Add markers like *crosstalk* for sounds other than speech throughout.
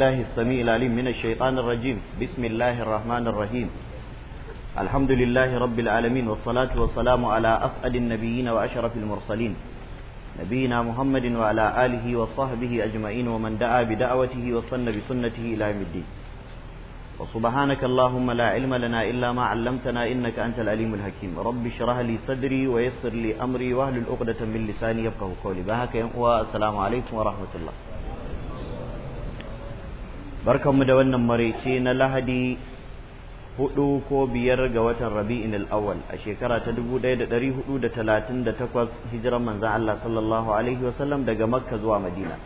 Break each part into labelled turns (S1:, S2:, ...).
S1: الله السميع العليم من الشيطان الرجيم بسم الله الرحمن الرحيم الحمد لله رب العالمين والصلاة والسلام على أسعد النبيين وأشرف المرسلين نبينا محمد وعلى آله وصحبه أجمعين ومن دعا بدعوته وصن بسنته إلى يوم الدين وسبحانك اللهم لا علم لنا إلا ما علمتنا إنك أنت العليم الحكيم رب اشرح لي صدري ويسر لي أمري واهل العقدة من لساني يفقه قولي بهك السلام عليكم ورحمة الله mu da wannan maraice na lahadi hudu ko biyar ga watan rabi'in al-awwal a shekara ta dubu ɗaya da ɗari hudu da talatin da takwas hijiran manzan Allah sallallahu alaihi wasallam daga makka zuwa madina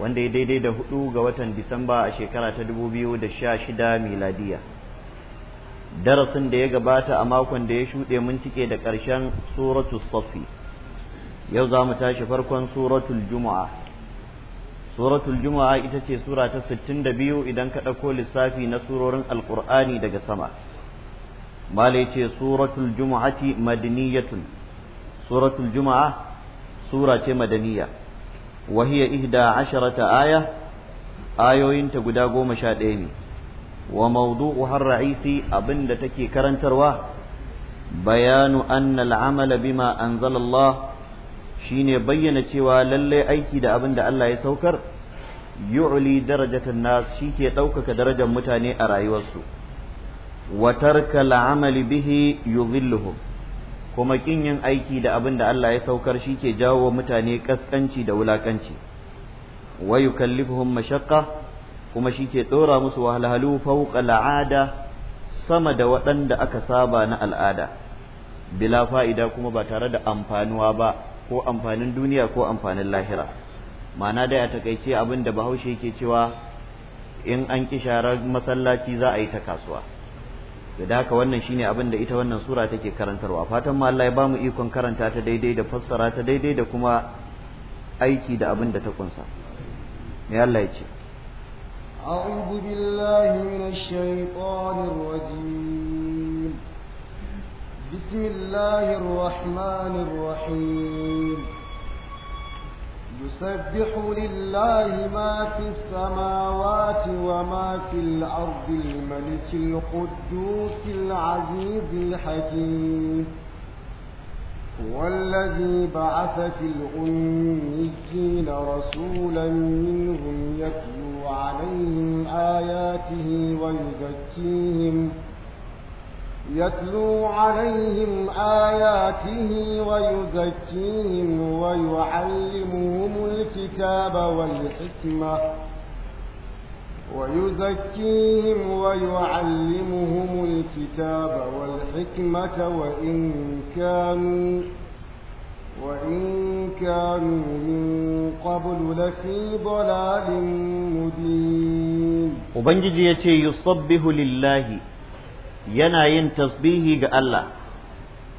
S1: wanda ya daidai da hudu ga watan disamba a shekara ta dubu biyu da sha shida miladiya darasin da ya gabata a makon da ya shuɗe mun cike da ƙarshen suratul safi yau za mu tashi farkon suratul juma'a suratul juma'a ita ce sura ta 62 idan ka ɗauko lissafi na surorin Alƙur'ani daga sama malai ce suratul juma'ati madaniyatun suratul juma'a sura ce madaniya wa ihda asharata aya ayoyinta guda goma sha ɗaya ne wa mawdu'u har ra'isi abinda take karantarwa bayanu anna Amala bima anzala Allah Shi ne bayyana cewa lallai aiki da abin da Allah ya saukar yu'li darajatan nas ke ɗaukaka darajar mutane a rayuwarsu wa tarka al'amali bihi yudhilluhum kuma kin yin aiki da abin da Allah ya saukar shi ke jawo mutane kaskanci da wulakanci wa yukallifuhum mashaqqa kuma shi ke tsora musu wahalhalu fawqa al'ada sama da waɗanda aka saba na al'ada bila fa'ida kuma ba tare da amfanuwa ba ko amfanin duniya ko amfanin lahira ma'ana dai a takaice abin da bahaushe yake cewa in an ki sharar masallaci za a yi ta kasuwa da haka wannan shine abin da ita wannan sura take karantarwa fatan ma Allah ya bamu ikon karanta ta daidai da fassara ta daidai da kuma aiki da abin da ta kunsa ya Allah ya ce
S2: أعوذ بالله من الشيطان الرجيم بسم الله الرحمن الرحيم يسبح لله ما في السماوات وما في الأرض الملك القدوس العزيز الحكيم هو الذي بعث في الأميين رسولا منهم يتلو عليهم آياته ويزكيهم ويزكيهم يتلو عليهم آياته ويزكيهم ويعلمهم الكتاب والحكمة ويزكيهم ويعلمهم الكتاب والحكمة وإن كانوا وإن كانوا من قبل لفي ضلال
S1: مبين وبنجي يتي يصبه لله yana yin tasbihi ga Allah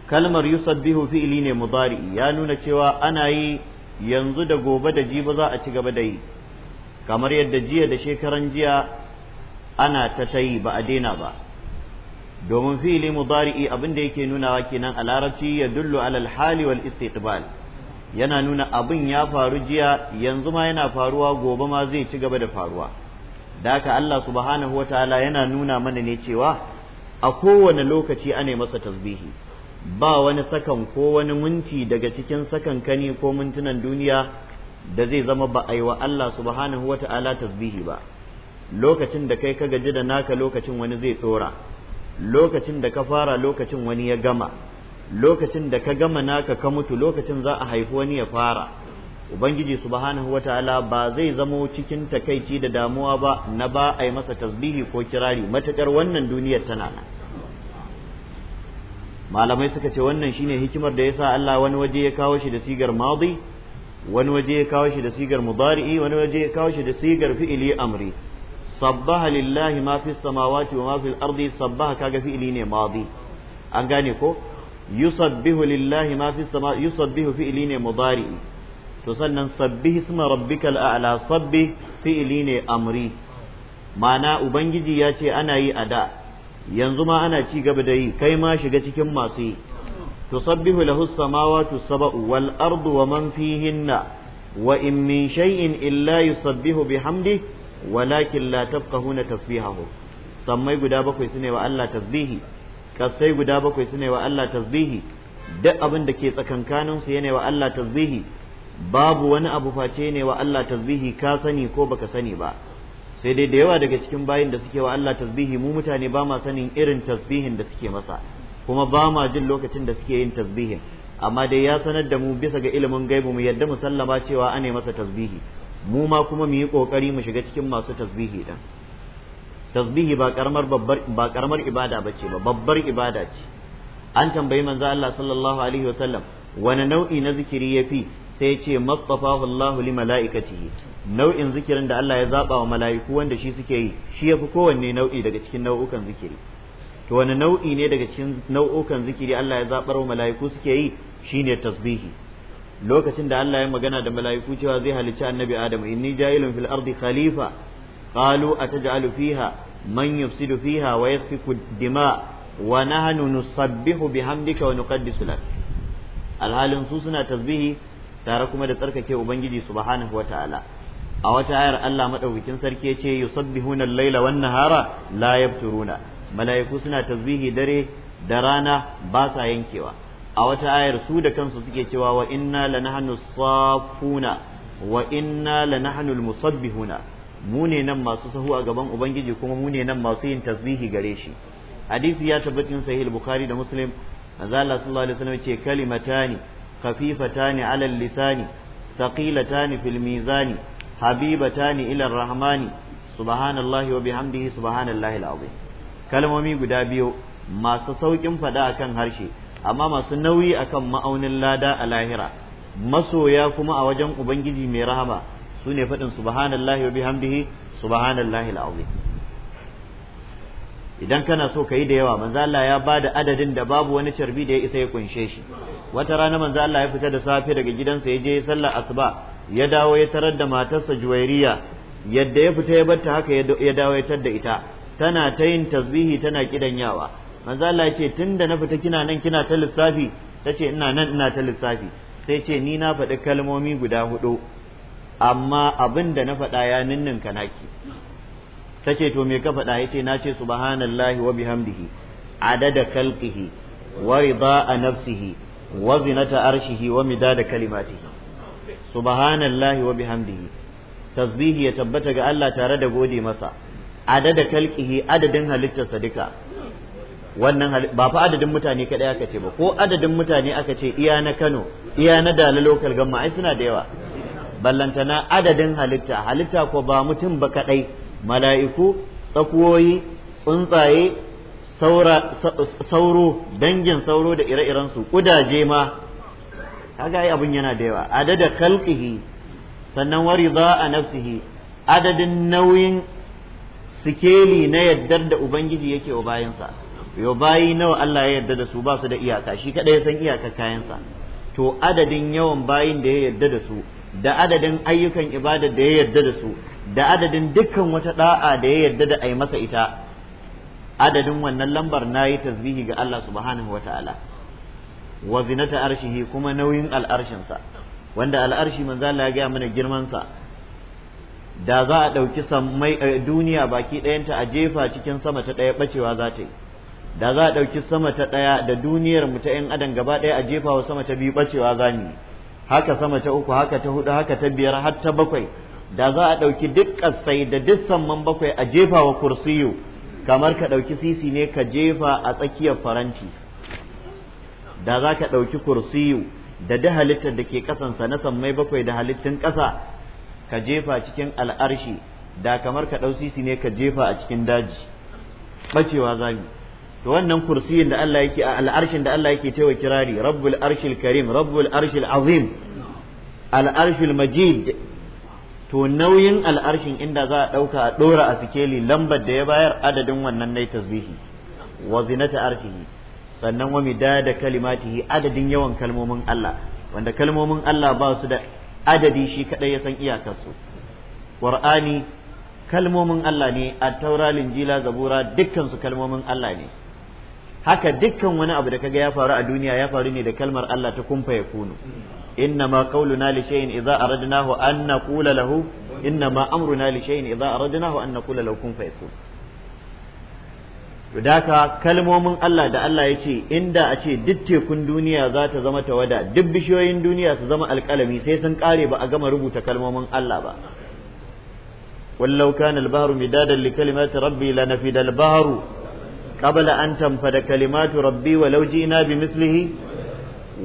S1: kalmar yusabbihu fi'ili ne mudari ya nuna cewa ana yi yanzu da gobe da jibi za a ci gaba da yi kamar yadda jiya da shekaran jiya ana ta ta yi ba a daina ba domin fi'ili mudari'i abin da yake nunawa kenan a larabci ya dullu alal hali wal istiqbal yana nuna abin ya faru jiya yanzu ma yana faruwa gobe ma zai ci gaba da faruwa da haka Allah subhanahu wataala yana nuna mana ne cewa a kowane lokaci ana masa tasbihi ba wani sakan ko wani minti daga cikin sakan kani ko mintunan duniya da zai zama ba a yi wa Allah subhanahu wata'ala tasbihi ba lokacin da kai ka gaji da naka lokacin wani zai tsora lokacin da ka fara lokacin wani ya gama lokacin da ka gama naka ka mutu lokacin za a haifi wani ya fara ubangiji subhanahu ta'ala ba zai zamo cikin takaici da damuwa ba na ba a yi masa tasbihi ko kirari matakar wannan duniyar tana nan malamai suka ce wannan shine hikimar da ya sa Allah wani waje ya kawo shi da sigar madi wani waje ya kawo shi da sigar mudari'i wani waje ya kawo shi da sigar fi'ili amri sabbaha lillahi ma fi samawati wa ma fil ardi sabbaha kaga fi'ili ne madi an gane ko yusabbihu lillahi ma fi samawati yusabbihu fi'ili ne mudari'i to sannan sabbi isma rabbikal a'la sabbi fi'ili ne amri ma'ana ubangiji ya ce ana yi a da yanzu ma ana ci gaba da yi kai ma shiga cikin masu yi tusabbihu lahu samawati sab'u wal ardu wa man fihinna wa in min shay'in illa yusabbihu bihamdi walakin la tafqahuna tasbihahu sammai guda bakwai sune wa Allah tasbihi kasai guda bakwai sune wa Allah tasbihi duk abin da ke tsakankaninsu yana wa Allah tasbihi babu wani abu face ne wa Allah tasbihi ka sani ko baka sani ba sai dai da yawa daga cikin bayin da suke wa Allah tasbihi mu mutane ba ma sanin irin tasbihin da suke masa kuma ba ma jin lokacin da suke yin tasbihin amma dai ya sanar da mu bisa ga ilimin gaibu mu yadda musallama cewa ane masa tasbihi mu ma kuma mu yi kokari mu shiga cikin masu tasbihi din tasbihi ba karamar babbar ba karamar ibada bace ba babbar ibada ce an tambayi manzo Allah sallallahu alaihi wasallam wani nau'i na zikiri ya fi. sai ce mastafahu Allahu li mala'ikatihi nau'in zikirin da Allah ya zaba wa mala'iku wanda shi suke yi shi yafi kowanne nau'i daga cikin nau'ukan zikiri to wani nau'i ne daga cikin nau'ukan zikiri Allah ya zabar wa mala'iku suke yi shine tasbihi lokacin da Allah ya magana da mala'iku cewa zai halicci annabi Adam inni ja'ilun fil ardi khalifa qalu ataj'alu fiha man yufsidu fiha wa yasfiku dima wa nahnu nusabbihu bihamdika wa nuqaddisu lak alhalin su suna tasbihi tare kuma da tsarkake ubangiji subhanahu wataala a wata ayar Allah madaukakin sarki yace yusabbihuna al-laila wan nahara la yabturuna mala'iku suna tasbihi dare da rana ba sa yankewa a wata ayar su da kansu suke cewa wa inna lanahnu safuna wa inna lanahnu al-musabbihuna mu ne nan masu sahu a gaban ubangiji kuma mu ne nan masu yin tasbihi gare shi hadisi ya tabbatin sahih bukhari da muslim manzo Allah sallallahu alaihi wasallam ce kalimatani خفيفتان على اللسان ثقيلتان في الميزان حبيبتان إلى الرحمن سبحان الله وبحمده سبحان الله العظيم كلمة guda biyu masu saukin fada akan harshe amma masu nauyi akan ma'aunin lada a lahira masoya kuma a wajen ubangiji mai rahama su ne faɗin subhanallahi wa bihamdihi subhanallahi al'azim idan kana so ka yi da yawa manzo Allah ya da adadin da babu wani carbi da ya isa ya kunshe shi wata rana manzo Allah ya fita da safe daga gidansa ya je sallar asuba ya dawo ya tarar da matarsa juwairiya yadda ya fita ya barta haka ya dawo ya tar da ita tana ta yin tasbihi tana kidanyawa manzo Allah ya ce tunda na fita kina nan kina ta lissafi tace ina nan ina ta lissafi sai ce ni na faɗi kalmomi guda hudu amma abin da na faɗa ya ninninka naki tace to me ka faɗa yace na ce subhanallahi wa bihamdihi adada khalqihi wa rida nafsihi wa zinata arshihi wa midada kalimatihi subhanallahi wa bihamdihi tasbihi ya tabbata ga Allah tare da gode masa adada kalkihi adadin halitta duka wannan ba fa adadin mutane kadai aka ce ba ko adadin mutane aka ce iya na Kano iya na Dala local gamma ai suna da yawa ballantana adadin halitta halitta ko ba mutum ba kaɗai. mala'iku tsakuwoyi tsuntsaye sauro dangin sauro da ire iren su kudaje ma kaga ai abun yana da yawa adada khalqihi sannan wari za a nafsihi adadin nauyin sikeli na yaddar da ubangiji yake wa bayansa yo bayi nawa Allah ya yarda da su ba su da iyaka shi kada ya san kayansa to adadin yawan bayin da ya yarda da su da adadin ayyukan ibada da ya yarda da su da adadin dukkan wata da'a da ya yarda da ai masa ita adadin wannan lambar na yi tasbihi ga Allah subhanahu wa ta'ala wa zinata arshihi kuma nauyin al'arshinsa wanda al'arshi manzo Allah ya gaya mana girmansa da za a ɗauki eh, duniya baki ɗayanta a jefa cikin sama ta ɗaya ɓacewa za ta yi da za a ɗauki sama ta ɗaya da duniyar mu ta 'yan adam gaba ɗaya a jefa wa sama ta biyu ɓacewa za ni haka sama ta uku haka ta hudu haka ta biyar har ta bakwai da za a ɗauki duk ƙasai da duk samman bakwai a jefa wa kursiyu kamar ka ɗauki sisi ne ka jefa a tsakiyar faranti da za ka ɗauki kursiyu da da halittar da ke ƙasansa na sammai bakwai da halittun ƙasa ka jefa cikin al'arshi da kamar ka ɗau sisi ne ka jefa a cikin daji ɓacewa zabi to wannan kursiyin da Allah yake a al'arshin da Allah yake taiwa kirari rabbul arshil karim rabbul arshil azim al'arshil majid to nauyin al'arshin inda za a ɗauka a ɗora a sikeli lambar da ya bayar adadin wannan na tasbihi wa zinata arshihi sannan wa midada kalimatihi adadin yawan kalmomin Allah wanda kalmomin Allah ba su da adadi shi kadai ya san iyakarsu Qur'ani kalmomin Allah ne a taura linjila zabura dukkan su kalmomin Allah ne haka dukkan wani abu da kaga ya faru a duniya ya faru ne da kalmar Allah ta kumfa ya kunu إنما قولنا لشيء إذا أردناه أن نقول له إنما أمرنا لشيء إذا أردناه أن نقول له كن فيكون Daka kalmomin Allah da Allah ya ce inda a ce duk tekun duniya za ta zama tawada duk bishiyoyin duniya su zama alƙalami sai sun ƙare ba a gama rubuta kalmomin Allah ba wallau kana al-bahru midadan li kalimati rabbi lanafida al-bahru qabla an tanfada kalimatu rabbi walau na bi mislihi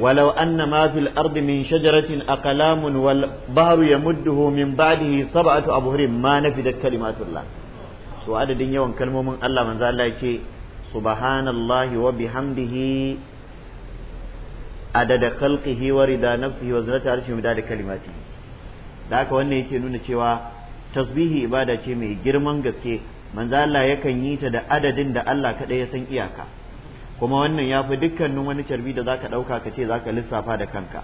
S1: ولو أن ما في الأرض من شجرة أقلام والبحر يمده من بعده سبعة أبهر ما نفدت كلمات الله سو عددين يوم كلمة من الله من ذال الله سبحان الله وبحمده عدد خلقه ورضا نفسه وزنة عرشه مداد كلماته ذاك وانا يتي نونا شوا تسبيه إبادة شمي جرمان قسكي من ذال الله يكن يتدى عددين دا الله كده يسن إياكا kuma wannan ya fi dukkanin wani carbi da za ka ɗauka ka ce za ka lissafa da kanka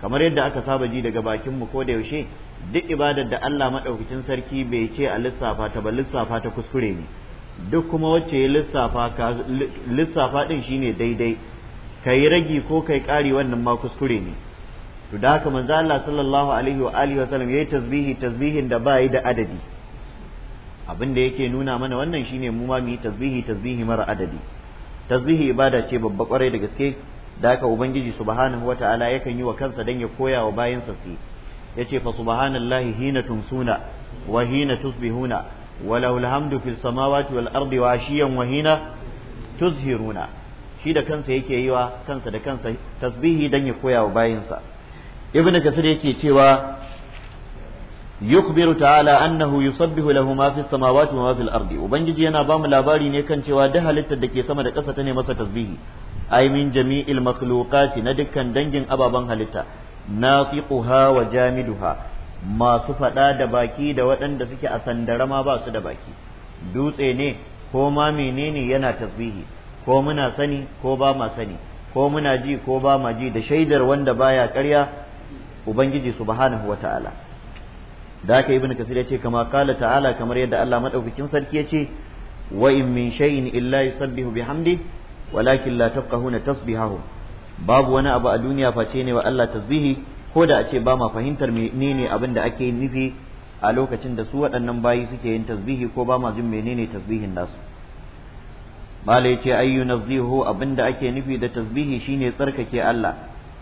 S1: kamar yadda aka saba ji daga bakinmu ko da yaushe duk ibadar da Allah maɗaukacin sarki bai ce a lissafa ta ba lissafa ta kuskure ne duk kuma wacce ya lissafa ka lissafa shi ne daidai yi ragi ko kai ƙari wannan ma kuskure ne to da haka manzo Allah sallallahu alaihi wa alihi wa sallam yayi tasbihi tasbihin da ba yi da adadi abinda da yake nuna mana wannan shine mu ma mu yi tasbihi tasbihi mara adadi tasbihi ibada ce babba kwarai da gaske da haka ubangiji subhanahu wataala yakan yi wa kansa dan ya koya wa bayansa su yace fa subhanallahi hina tumsuna wa hina tusbihuna wa lahul hamdu fis samawati wal ardi wa ashiyan wa hina tuzhiruna shi da kansa yake yi wa kansa da kansa tasbihi dan ya koya wa bayansa ibnu kasir yake cewa yukhbiru ta'ala annahu yusabbihu lahu ma fis samawati wa ma fil ardi ubangiji yana bamu labari ne kan cewa duk halittar da ke sama da ƙasa ta ne masa tasbihi ay min jami'il makhluqati na dukkan dangin ababen halitta nafiquha wa jamiduha masu faɗa da baki da waɗanda suke a sandara ma ba su da baki dutse ne ko ma menene yana tasbihi ko muna sani ko ba ma sani ko muna ji ko ba ma ji da shaidar wanda baya ƙarya ubangiji subhanahu wata'ala da haka ibnu kasir ce kama kala ta'ala kamar yadda Allah madaukakin sarki ya ce wa in min shay'in illa yusabbihu bihamdi walakin la tafqahuna tasbihahu babu wani abu a duniya face ne wa Allah tasbihi ko da a ce ba ma fahimtar menene abin da ake nufi a lokacin da su waɗannan bayi suke yin tasbihi ko ba ma jin menene tasbihin nasu malai ce ayyu abin da ake nufi da tasbihi shine tsarkake Allah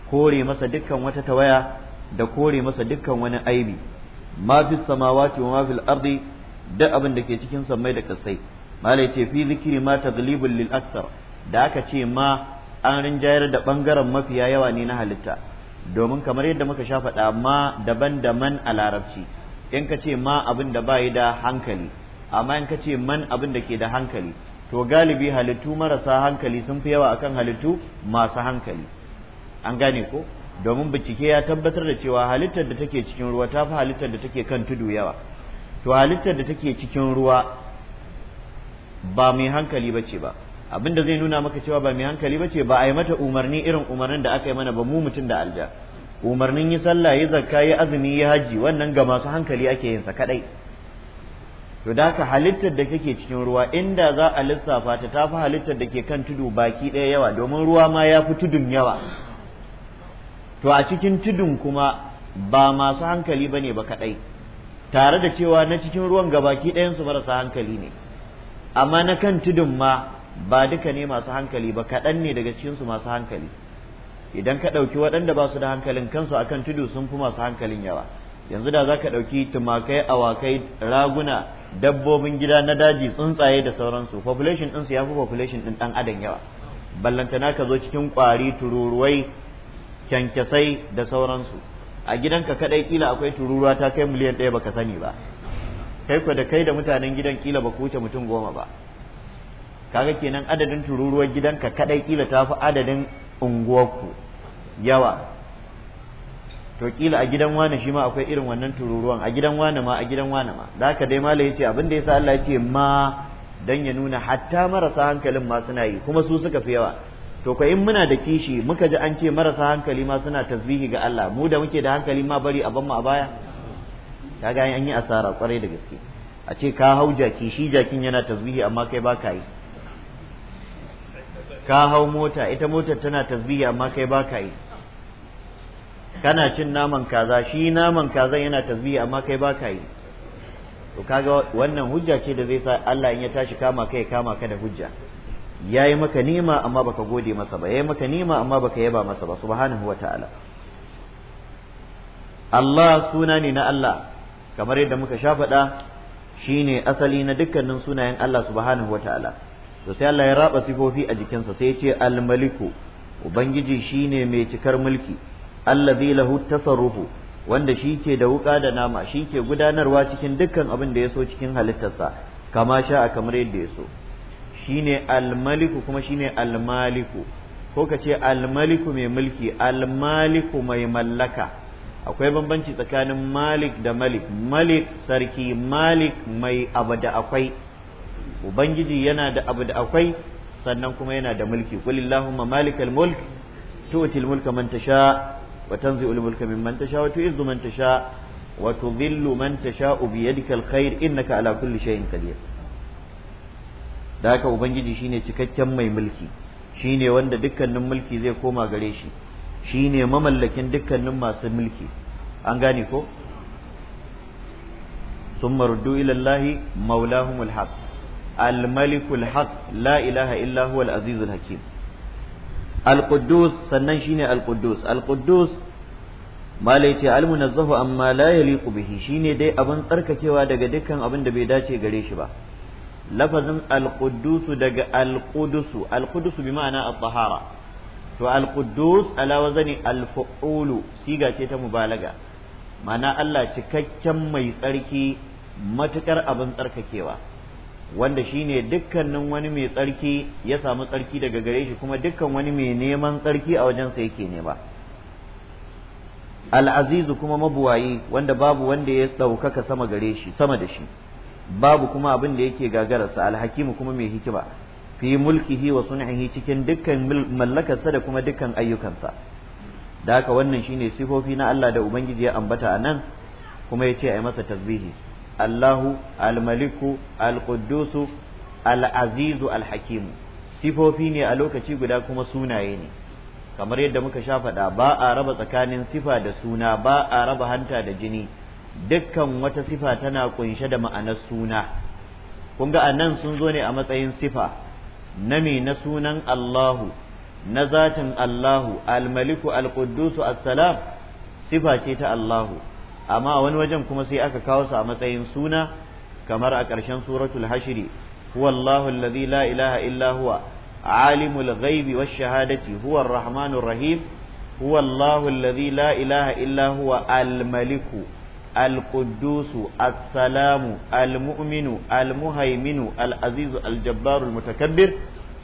S1: kore masa dukkan wata tawaya da kore masa dukkan wani aibi ma fi samawati wa ma fil ardi duk abin da ke cikin sammai da kasai malai ce fi zikiri ma taglibul lil aksar da aka ce ma an rinjayar da bangaren mafiya yawa ne na halitta domin kamar yadda muka sha faɗa ma daban da man a larabci in ka ce ma abin da bayi da hankali amma in ka ce man abin da ke da hankali to galibi halittu marasa hankali sun fi yawa akan halittu masu hankali an gane ko domin bincike ya tabbatar da cewa halittar da take cikin ruwa ta fi halittar da take kan tudu yawa to halittar da take cikin ruwa ba mai hankali ba ce ba abin da zai nuna maka cewa ba mai hankali ba ce ba a yi mata umarni irin umarnin da aka yi mana ba mu mutum da alja umarnin yi sallah yi zakka yi azumi yi hajji wannan ga masu hankali ake yin sa kadai to da haka halittar da kake cikin ruwa inda za a lissafa ta tafi halittar da ke kan tudu baki ɗaya yawa domin ruwa ma ya fi tudun yawa to a cikin tudun kuma ba masu hankali ba ne ba kaɗai tare da cewa na cikin ruwan gabaki ɗayansu marasa hankali ne amma na kan tudun ma ba duka ne masu hankali ba kaɗan ne daga cikinsu masu hankali idan ka ɗauki waɗanda ba su da hankalin kansu a kan tudu sun fi masu hankalin yawa yanzu da za ka ɗauki tumakai awakai raguna dabbobin gida na daji tsuntsaye da sauransu population ɗinsu ya fi population ɗin ɗan adam yawa ballantana ka zo cikin kwari tururuwai kyankyasai da sauransu a gidanka kadai kila akwai tururuwa ta kai miliyan ɗaya baka sani ba kai ku da kai da mutanen gidan kila ba wuce mutum goma ba kaga kenan adadin tururuwar gidanka kadai kila ta fi adadin unguwarku yawa to kila a gidan wani shi ma akwai irin wannan tururuwan a gidan wani ma a gidan wani ma da haka dai malai yace abin da yasa Allah yace ma dan ya nuna hatta marasa hankalin ma suna yi kuma su suka fi yawa to ko in muna da kishi muka ji an ce marasa hankali ma suna tasbihi ga Allah mu da muke da hankali ma bari a mu a baya kaga an yi asara kwarai da gaske a ce ka hau jaki shi jakin yana tasbihi amma kai ba ka yi ka hau mota ita motar tana tasbihi amma kai ba ka yi kana cin naman kaza shi naman kaza yana tasbihi amma kai ba ka yi to kaga wannan hujja ce da zai sa Allah in ya tashi kama kai kama ka da hujja yayi maka nima amma baka gode masa ba yayi maka nima amma baka yaba masa ba subhanahu wa ta'ala. Allah suna ne na Allah kamar yadda muka sha faɗa shine asali na dukkanin sunayen Allah subhanahu ta'ala to sai Allah ya raba sifofi a jikinsa sai ya ce al-maliku ubangiji shine mai cikar mulki allazi lahu tasarrufu wanda shi ke da wuka da nama shi ke gudanarwa cikin dukkan abin da ya so cikin halittarsa kama sha a kamar yadda ya so shine almaliku kuma shine almaliku ko ka ce almaliku mai mulki almaliku mai mallaka akwai bambanci tsakanin malik da malik malik sarki malik mai abu da akwai ubangiji yana da abu da akwai sannan kuma yana da mulki qul illahumma malikal mulk tu'til mulka man tasha wa mulka mimman tasha wa tu'izzu man tasha wa tudhillu man tasha bi yadikal khair innaka ala kulli shay'in qadir da haka ubangiji shine cikakken mai mulki shine wanda dukkanin mulki zai koma gare shi shine mamallakin dukkanin masu mulki an gane ko summa ruddu ila llahi la ilaha illa huwa al azizul hakim al quddus sannan shine al quddus al quddus malai ce al munazzahu amma la yaliqu bihi shine dai abin tsarkakewa daga dukkan abin da bai dace gare shi ba lafazin alqudusu daga al-Kudusu. al alqudusu bi ma'ana at-tahara to al-Kudus alqudus ala wazani al-fu'ulu siga ce ta mubalaga ma'ana Allah cikakken mai tsarki matukar abin tsarkakewa wanda shine dukkanin wani mai tsarki ya samu tsarki daga gare shi kuma dukkan wani mai neman tsarki a wajensa yake nema al'azizu kuma mabuwayi wanda babu wanda ya ɗaukaka sama gare shi sama da shi babu kuma abin da yake gagararsa alhakimu kuma mai hikima fi mulkihi wa sun'ihi cikin dukkan mallakarsa da kuma dukkan ayyukansa da haka wannan shine sifofi na Allah da ubangiji ya ambata a nan kuma ya ce a yi masa tasbihi Allahu almaliku alqudusu alazizu alhakimu sifofi ne a lokaci guda kuma sunaye ne kamar yadda muka sha faɗa ba a raba tsakanin sifa da suna ba a raba hanta da jini dukkan wata sifa tana kunshe da ma'anar suna kun ga anan sun zo ne a matsayin sifa na me na sunan Allahu na zatin Allahu almaliku alquddusu assalam sifa ce ta Allahu amma wani wajen kuma sai aka kawo su a matsayin suna kamar a ƙarshen suratul hashiri huwallahu alladhi la ilaha illa huwa alimul ghaibi wash shahadati huwa arrahmanur rahim huwallahu alladhi la ilaha illa huwa almaliku القدوس السلام المؤمن المهيمن العزيز الجبار المتكبر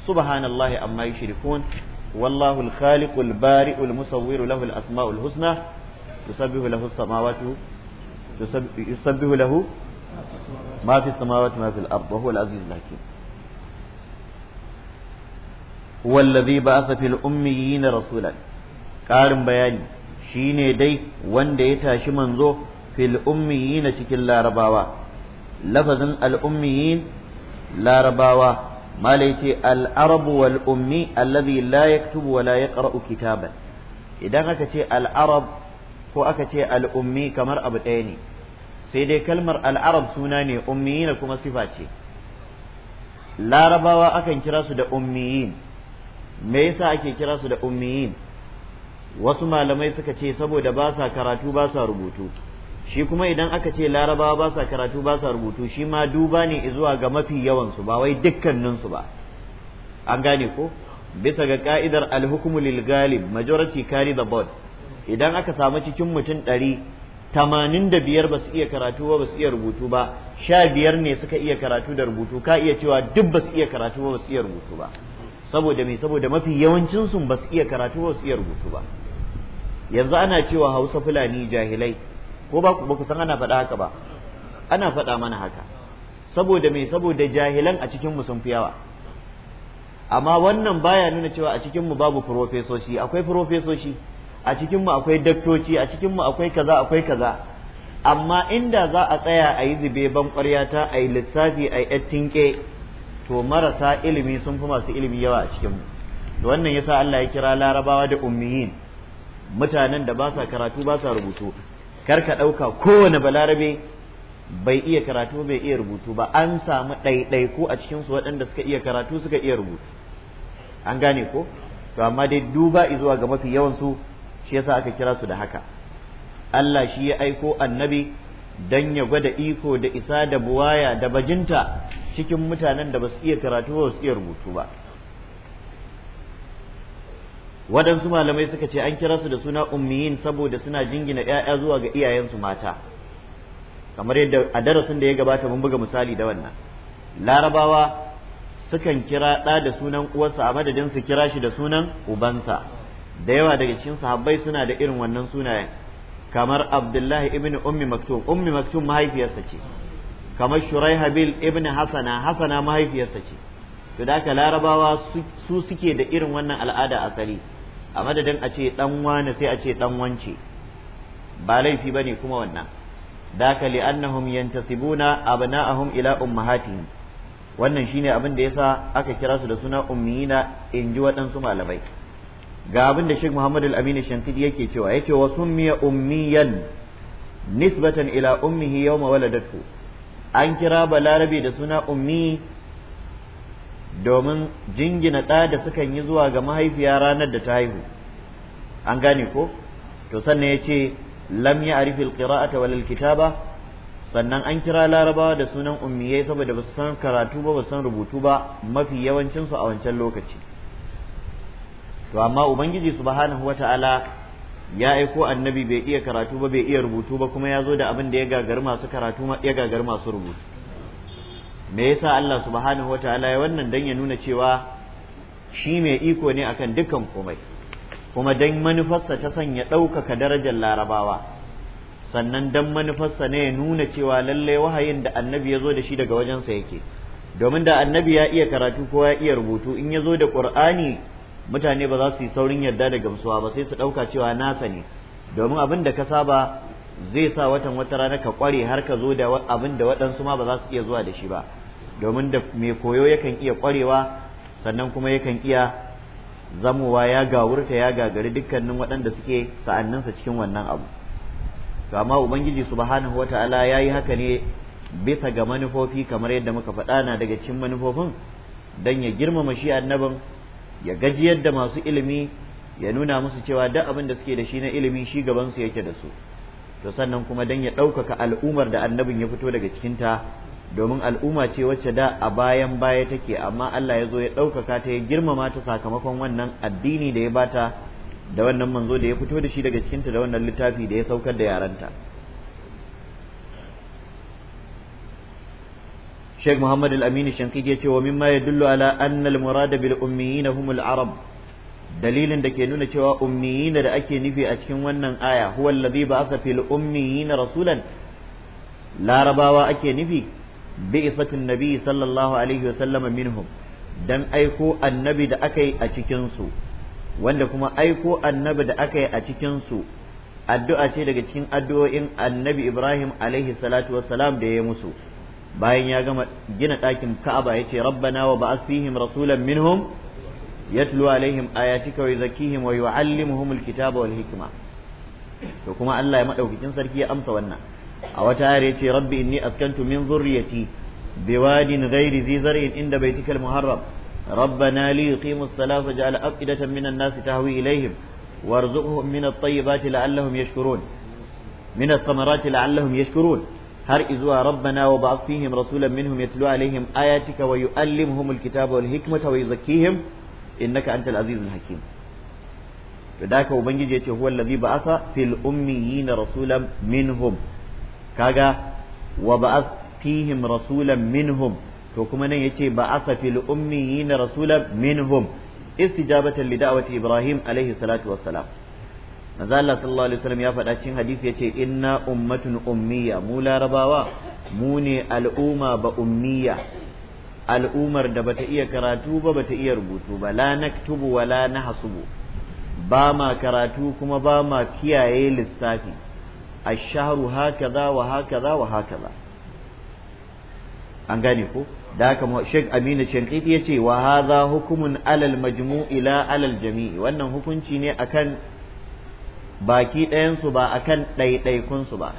S1: سبحان الله عما يشركون والله الخالق البارئ المصور له الأسماء الحسنى يسبح له السماوات يسبح له ما في السماوات ما في الأرض وهو العزيز الحكيم هو الذي بعث في الأميين رسولا قارن بياني shine dai wanda ya tashi manzo fil ummiyina cikin larabawa lafazin al'ummiyin larabawa malai ce al'arabu wal ummi alladhi la yaktubu wa la yaqra'u kitaban idan aka ce al'arab ko aka ce al'ummi kamar abu ɗaya ne sai dai kalmar al'arab suna ne ummiyina kuma sifa ce larabawa akan kira su da ummiyin me yasa ake kira su da ummiyin wasu malamai suka ce saboda ba sa karatu ba sa rubutu shi kuma idan aka ce larabawa ba sa karatu ba sa rubutu shi ma duba ne zuwa ga mafi yawansu ba wai dukkaninsu ba an gane ko bisa ga ka'idar alhukumu lil galib majority carry the board idan aka samu cikin mutum ɗari tamanin da biyar ba su iya karatu ba su iya rubutu ba sha biyar ne suka iya karatu da rubutu ka iya cewa duk ba su iya karatu ba su iya rubutu ba saboda me saboda mafi yawancinsu ba su iya karatu ba ba su iya rubutu ba yanzu ana cewa hausa fulani jahilai ko ba ku san ana faɗa haka ba ana faɗa mana haka saboda me saboda jahilan a cikin mu sun fi yawa amma wannan baya nuna cewa a cikin mu babu profesoshi akwai profesoshi a cikin mu akwai daktoci a cikin mu akwai kaza akwai kaza amma inda za a tsaya a yi zube ban ta, a yi lissafi a yi to marasa ilimi sun fi masu ilimi yawa a cikin da wannan yasa Allah ya kira larabawa da ummiyin mutanen da ba sa karatu ba sa rubutu kar ka ɗauka kowane balarabe bai iya karatu bai iya rubutu ba an samu ɗaiɗaiku a cikinsu waɗanda suka iya karatu suka iya rubutu an gane ko to amma dai duba izuwa ga mafi yawansu shi yasa aka kira su da haka Allah shi ya aiko annabi dan ya gwada iko da isa da buwaya da bajinta cikin mutanen da ba su iya karatu ba su iya rubutu ba waɗansu malamai suka ce an kira su da suna ummiyin saboda suna jingina ‘ya'ya zuwa ga iyayensu mata kamar yadda a darasin da ya gabata mun buga misali da wannan larabawa sukan kira ɗa da sunan uwarsa a madadin su kira shi da sunan ubansa da yawa daga cikin sahabbai suna da irin wannan sunayen kamar abdullahi ibn ummi maktum ummi maktum mahaifiyarsa ce kamar shuraihabil ibn hasana hasana mahaifiyarsa ce to da larabawa su suke da irin wannan al'ada asali a madadin a ce dan wani sai a ce dan wance ba laifi bane kuma wannan ka li annahum yantasibuna abna'ahum ila ummahatihim wannan shine abin da yasa aka kira su da suna ummiina in ji waɗansu malamai ga abin da Sheikh Muhammad Al-Amin Shantidi yake cewa yace wa summiya ummiyan nisbatan ila ummihi yawma waladatu an kira balarabe da suna ummi domin jingina ɗa da sukan yi zuwa ga mahaifiya ranar da ta haihu an gane ko to sannan ya ce lam ya arifil qira'ata wal kitaba sannan an kira larabawa da sunan ummiyai saboda basu san karatu ba ba su san rubutu ba mafi yawancinsu a wancan lokaci to amma ubangiji subhanahu wata'ala ya aiko annabi bai iya karatu ba bai iya rubutu ba kuma ya zo da abin da ya gagari masu karatu ya gagari masu rubutu me yasa Allah subhanahu wataala ya wannan dan ya nuna cewa shi mai iko ne akan dukkan komai kuma dan manufarsa ta sanya ɗaukaka darajar larabawa sannan dan manufarsa ne ya nuna cewa lallai wahayin da annabi ya zo da shi daga wajensa yake domin da annabi ya iya karatu ko ya iya rubutu in ya zo da ƙur'ani mutane ba za su yi saurin yarda da gamsuwa ba sai su ɗauka cewa nasa ne domin abin da ka saba zai sa watan wata rana ka kware har ka zo da abin da waɗansu ma ba za su iya zuwa da shi ba domin da mai koyo yakan iya kwarewa sannan kuma yakan iya zamowa ya gawurta ya gagari dukkanin waɗanda suke sa'anninsa cikin wannan abu to amma ubangiji subhanahu wata'ala ya yi haka ne bisa ga manufofi kamar yadda muka faɗa na daga cikin manufofin don ya girmama shi annabin ya gajiyar da masu ilimi ya nuna musu cewa duk abin da suke da shi na ilimi shi gabansu yake da su to sannan kuma don ya ɗaukaka al'ummar da annabin ya fito daga cikinta domin al'umma ce wacce da a bayan baya take amma Allah ya zo ya ɗaukaka ta ya girmama ta sakamakon wannan addini da ya bata da wannan manzo da ya fito da shi daga cikinta da wannan littafi da ya saukar da yaranta Sheikh Muhammad Al-Amin Shankiki ya ce wa mimma yadullu ala anna al-murada bil ummiyina humul arab dalilin da ke nuna cewa ummiyina da ake nufi a cikin wannan aya huwa allazi ba'atha fil ummiyina rasulan larabawa ake nufi bi'satun nabi sallallahu alaihi wasallam minhum dan aiko annabi da aka yi a cikin wanda kuma aiko annabi da aka yi a cikinsu. addu'a ce daga cikin addu'o'in annabi Ibrahim alaihi salatu da ya musu bayan ya gama gina ɗakin Ka'aba ya ce rabbana wa ba'ath fihim rasulan minhum yatlu alaihim ayatika wa yuzakkihim wa yu'allimuhum alkitaba wal hikma to kuma Allah ya madaukakin sarki ya amsa wannan a wata ya ce rabbi in inni askantu min zurriyati biwadin ghairi zi zari'in inda baitikal muharram rabbana li yuqimu as-salata wa ja'al afidatan min an-nasi tahwi ilayhim warzuqhum min min ath-thamarati la'allahum yashkurun har izuwa rabbana wa ba'ath fihim rasulan minhum yatlu alayhim ayatika wa yu'allimuhum al-kitaba wal hikmata wa yuzakkihim innaka antal azizul hakim to da ka ubangije ce huwa allazi ba'atha fil ummiyina rasulan minhum kaga wa ba'ath fihim rasulan minhum to kuma nan yace ba'atha fil ummiyin rasulan minhum istijabatan li da'wati ibrahim alaihi salatu wassalam manzo Allah sallallahu alaihi wasallam ya faɗa cikin hadisi yace inna ummatun ummiya mu larabawa mu ne al'umma ba ummiya al'ummar da bata iya karatu ba bata iya rubutu ba la naktubu wa la nahsubu ba ma karatu kuma ba ma kiyaye lissafi ash-shahru hakaza wa hakaza wa hakaza an gane ko da haka Sheikh Aminu Shankiti yace wa hadha hukumun alal majmu'i ila alal jami'i wannan hukunci ne akan baki ɗayan su ba akan ɗaiɗaikun su ba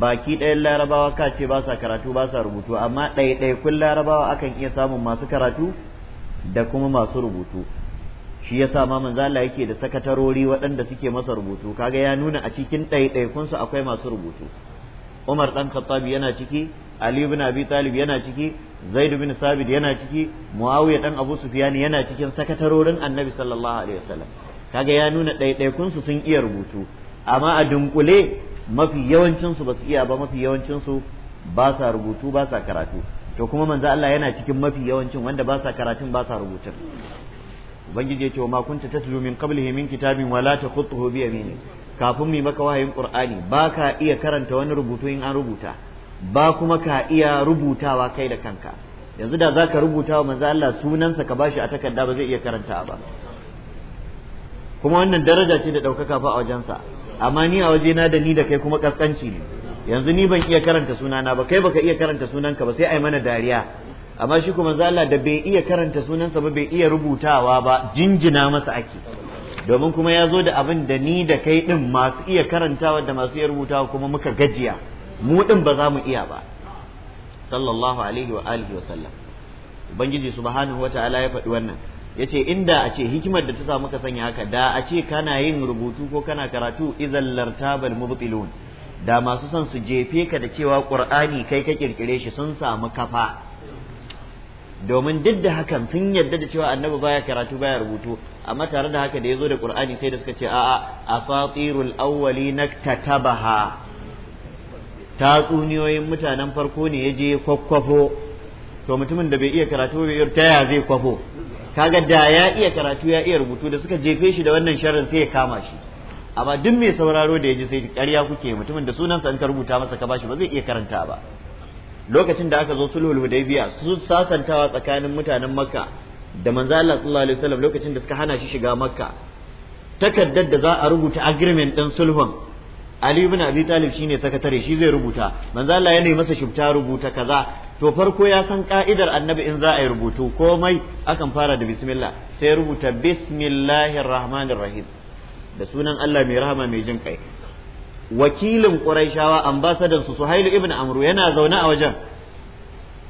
S1: baki ɗayan larabawa ka ce ba sa karatu ba sa rubutu amma ɗaiɗaikun larabawa akan iya samun masu karatu da kuma masu rubutu shi yasa ma manzo Allah yake da sakatarori waɗanda suke masa rubutu kaga ya nuna a cikin ɗaiɗaikun su akwai masu rubutu Umar dan Khattab yana ciki Ali ibn Abi Talib yana ciki Zaid ibn Sabit yana ciki Muawiya dan Abu Sufyan yana cikin sakatarorin Annabi sallallahu alaihi wasallam kaga ya nuna ɗaiɗaikun su sun iya rubutu amma a dunkule mafi yawancin su basu iya ba mafi yawancin su ba sa rubutu ba sa karatu to kuma manzo Allah yana cikin mafi yawancin wanda ba sa karatun ba sa rubutun ubangiji ya ce wa ma ta tatlu min qablihi min kitabin wala takhutuhu bi yamini kafin mu maka wahayin qur'ani ba ka iya karanta wani rubutu in an rubuta ba kuma ka iya rubutawa kai da kanka yanzu da zaka rubuta wa manzo Allah sunansa ka bashi a takarda ba zai iya karanta ba kuma wannan daraja ce da ɗaukaka fa a wajensa amma ni a waje na da ni da kai kuma kaskanci ne yanzu ni ban iya karanta sunana ba kai baka iya karanta sunanka ba sai ai mana dariya amma shi kuma Allah da bai iya karanta sunansa ba bai iya rubutawa ba jinjina masa ake domin kuma ya zo da abin da ni da kai din masu iya karantawa da masu iya rubutawa kuma muka gajiya mu din ba za mu iya ba sallallahu alaihi wa alihi wa sallam ubangiji subhanahu wataala ya faɗi wannan yace inda a ce hikimar da ta sa muka sanya haka da a ce kana yin rubutu ko kana karatu idan lartabal mubtilun da masu son su jefe ka da cewa qur'ani kai ka kirkire shi sun samu kafa domin duk da hakan sun yarda da cewa annabi baya karatu baya rubutu amma tare da haka da yazo da qur'ani sai da suka ce a'a asatirul awwali naktatabaha tatsuniyoyin mutanen farko ne ya je kwakwafo to mutumin da bai iya karatu bai ta ya zai kwafo kaga da ya iya karatu ya iya rubutu da suka jefe shi da wannan sharrin sai ya kama shi amma duk mai sauraro da ya ji sai ƙarya kuke mutumin da sunansa an ka rubuta masa ka bashi ba zai iya karanta ba lokacin da aka zo sulhul hudaybiya su sasantawa tsakanin mutanen makka da manzo Allah sallallahu alaihi wasallam lokacin da suka hana shi shiga makka takaddar da za a rubuta agreement din sulhun Ali ibn Abi Talib shine sakatare shi zai rubuta manzo Allah ya nemi masa shubta rubuta kaza to farko ya san ka'idar annabi in za a yi rubutu komai akan fara da bismillah sai rubuta bismillahir rahmanir rahim da sunan Allah mai rahama mai jin kai wakilin Qurayshawa ambasadan su Suhail ibn amru yana zaune a wajen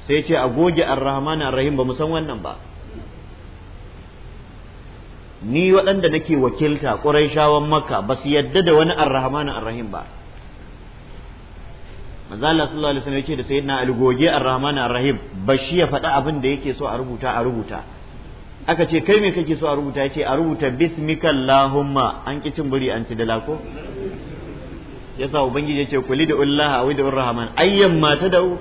S1: sai ce a goge ar-rahman ar-rahim ba mu san wannan ba ni waɗanda nake wakilta Qurayshawan makka ba su yadda da wani ar-rahman ar-rahim ba manzo Allah sallallahu alaihi wasallam yake da sayyidina Ali goge ar-Rahman ar-Rahim shi ya faɗa abin da yake so a rubuta a rubuta aka ce kai me kake so a rubuta yace a rubuta bismikallahumma an kicin cin buri an ci dala ko yasa ubangiji yace kuli da ullaha wa da rahman ayyan ma tad'u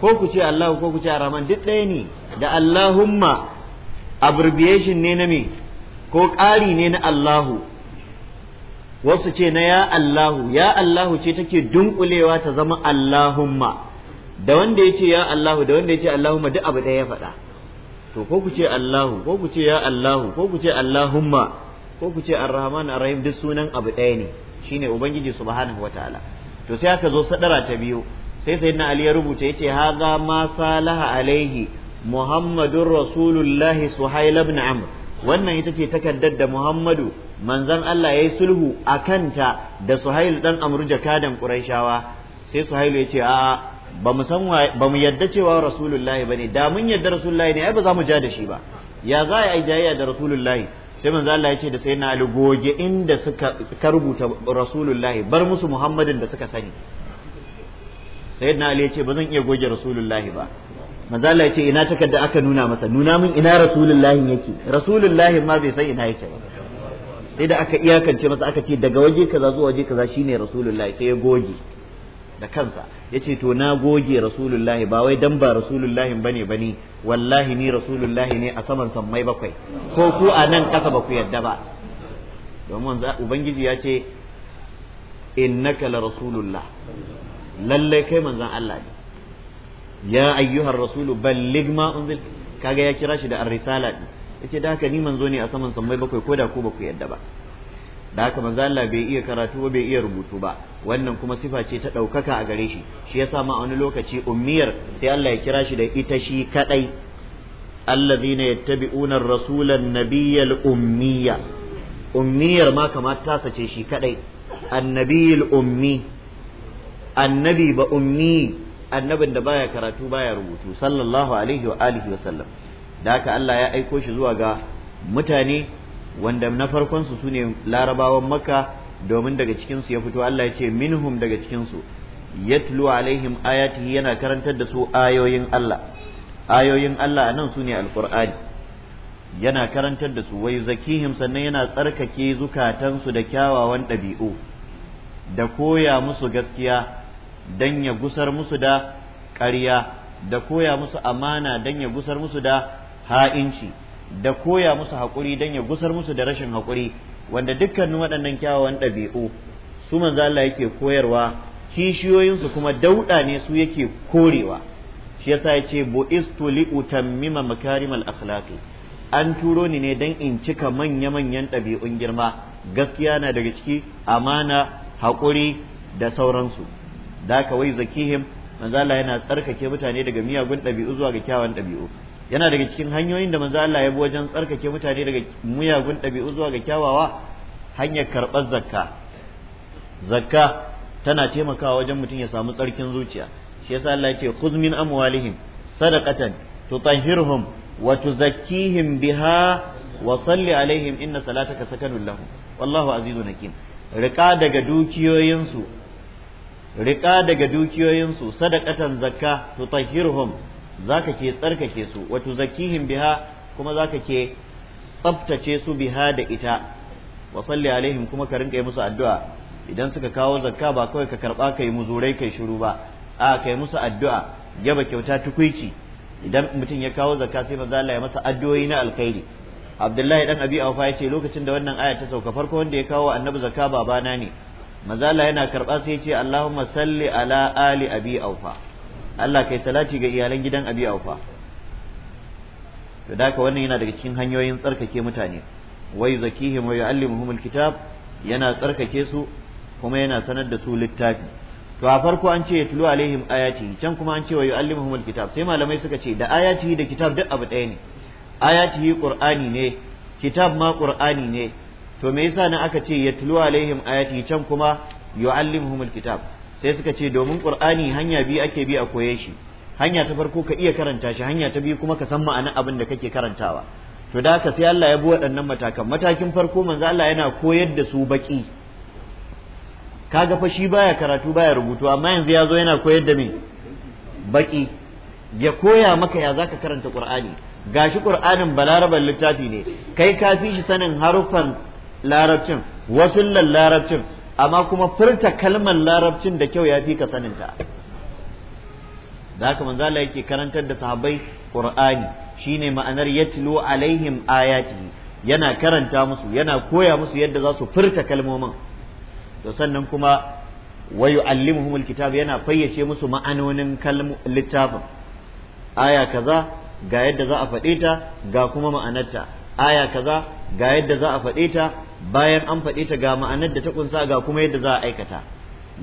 S1: ko ku ce Allah ko ku ce rahman duk ɗaya ne da Allahumma abbreviation ne na me ko ƙari ne na Allahu wasu ce na ya Allahu ya Allahu ce take dunkulewa ta zama Allahumma da wanda yace ya Allahu da wanda yace Allahumma duk abu ɗaya ya faɗa to ko ku ce Allahu ko ku ce ya Allahu ko ku ce Allahumma ko ku ce Ar-Rahman Ar-Rahim duk sunan abu ɗaya ne shine ubangiji subhanahu wataala to sai aka zo sadara ta biyu sai sayyidina ali ya rubuta yace haga ma salaha alaihi muhammadur rasulullahi suhail ibn amr wannan ita ce takaddar da muhammadu manzan Allah yayi sulhu akanta da suhail dan amru jakadan quraishawa sai suhail ya ce a ba mu san ba mu yadda cewa rasulullahi bane da mun yadda rasulullahi ne ai ba za mu ja da shi ba ya za a yi jayayya da rasulullahi sai manzo Allah ya da sayyidina Ali goge inda suka ka rubuta rasulullahi bar musu Muhammadin da suka sani sayyidina Ali ya ce ba zan iya goge rasulullahi ba manzo Allah ya ce ina takarda aka nuna masa nuna min ina rasulullahi yake rasulullahi ma bai san ina yake ba sai da aka iyakance masa aka ce daga waje kaza zuwa waje kaza shine rasulullahi sai ya goge da kansa yace to na goge rasulullahi ba wai dan ba rasulullahi bane bane wallahi ni rasulullahi ne a saman sammai bakwai ko ku a nan kasa ba ku yadda ba domin ubangiji ya ce innaka la rasulullah lallai kai manzan Allah ne ya ayyuhar rasulu balligh ma unzil kaga ya kira shi da ar-risala yace da haka ni manzo ne a saman sammai bakwai ko da ku ba ku yadda ba da haka manzo Allah bai iya karatu ba bai iya rubutu ba wannan kuma sifa ce ta ɗaukaka a gare shi shi yasa ma a wani lokaci ummiyar sai Allah ya kira shi da ita shi kadai allazina yattabi'una ar-rasula an-nabiyyal ummiya ummiyar ma kamata ta sace shi kadai annabiyul ummi annabi ba ummi annabin da baya karatu baya rubutu sallallahu alaihi wa alihi wa sallam da haka Allah ya aiko shi zuwa ga mutane wanda na farkon su sune larabawan makka domin daga cikin su ya fito Allah ya ce minhum daga cikin su yatlu alaihim ayatihi yana karantar da su ayoyin Allah ayoyin Allah nan sune alqur'ani yana karantar da su wai zakihim sannan yana tsarkake zukatansu da kyawawan ɗabi'u da koya musu gaskiya don ya gusar musu da ƙarya da koya musu amana dan ya gusar musu da ha'inci da koya musu haƙuri don ya gusar musu da rashin haƙuri wanda dukkanin waɗannan kyawawan ɗabi'u su manzo Allah yake koyarwa kishiyoyinsu kuma dauɗa ne su yake korewa shi yasa ya ce bu'istu li utammima makarimal akhlaqi an turo ni ne don in cika manya manyan ɗabi'un girma gaskiya na daga ciki amana haƙuri da sauransu da ka wai zakihim manzo Allah yana tsarkake mutane daga miyagun ɗabi'u zuwa ga kyawawan ɗabi'u yana daga cikin hanyoyin da manzo Allah ya bi wajen tsarkake mutane daga muyagun ɗabi'u zuwa ga kyawawa hanyar karɓar zakka zakka tana taimakawa wajen mutum ya samu tsarkin zuciya shi yasa Allah ya ce khuz min amwalihim sadaqatan tutahhirhum wa tuzakkihim biha wa salli alaihim inna salataka sakanun lahum wallahu azizun hakim riƙa daga dukiyoyinsu riƙa daga dukiyoyinsu sadaqatan zakka tutahhirhum zaka ke tsarkake su wato zakihin biha kuma zaka ke tsabtace su biha da ita wa salli alaihim kuma ka rinka yi musu addu'a idan suka kawo zakka ba kawai ka karba kai muzurai kai shiru ba a kai musu addu'a gaba kyauta tukuici idan mutum ya kawo zakka sai manzo Allah ya masa addu'o'i na alkhairi Abdullahi dan Abi Awfa ya ce lokacin da wannan aya ta sauka farko wanda ya kawo annabi zakka babana ne manzo Allah yana karba sai ya ce Allahumma salli ala ali abi awfa
S2: Allah kai salati
S1: ga iyalan gidan abi aufa to da ka wannan yana daga cikin hanyoyin tsarkake mutane wai zakihim wa yu'allimuhum alkitab yana tsarkake su kuma yana sanar da su littafi to a farko an ce yatlu alaihim ayati can kuma an ce wa yu'allimuhum alkitab sai malamai suka ce da ayati da kitab duk abu ɗaya ne ayati qur'ani ne kitab ma qur'ani ne to me yasa nan aka ce yatlu alaihim ayati can kuma yu'allimuhum alkitab sai suka ce domin qur'ani hanya biyu ake bi a koye shi hanya ta farko ka iya karanta shi hanya ta biyu kuma ka san ma'anar abin da kake karantawa to da haka sai Allah ya bi waɗannan matakan matakin farko manzo Allah yana koyar da su baki kaga fa shi baya karatu baya rubutu amma yanzu ya zo yana koyar da me baki ya koya maka ya zaka karanta qur'ani gashi qur'anin balaraban littafi ne kai ka fi shi sanin haruffan larabcin wasu larabcin amma kuma furta kalmar larabcin da kyau ya fi ka saninta da haka manzala yake karantar da sahabbai Qur'ani shine ma'anar yatlu alaihim ayati yana karanta musu yana koya musu yadda za su furta kalmomin to sannan kuma wa yu'allimuhumul kitab yana fayyace musu ma'anonin littafin aya kaza ga yadda za a faɗe ta ga kuma ma'anarta aya kaza ga yadda za a faɗe ta bayan an faɗe ta ga ma'anar da ta kunsa ga kuma yadda za a aikata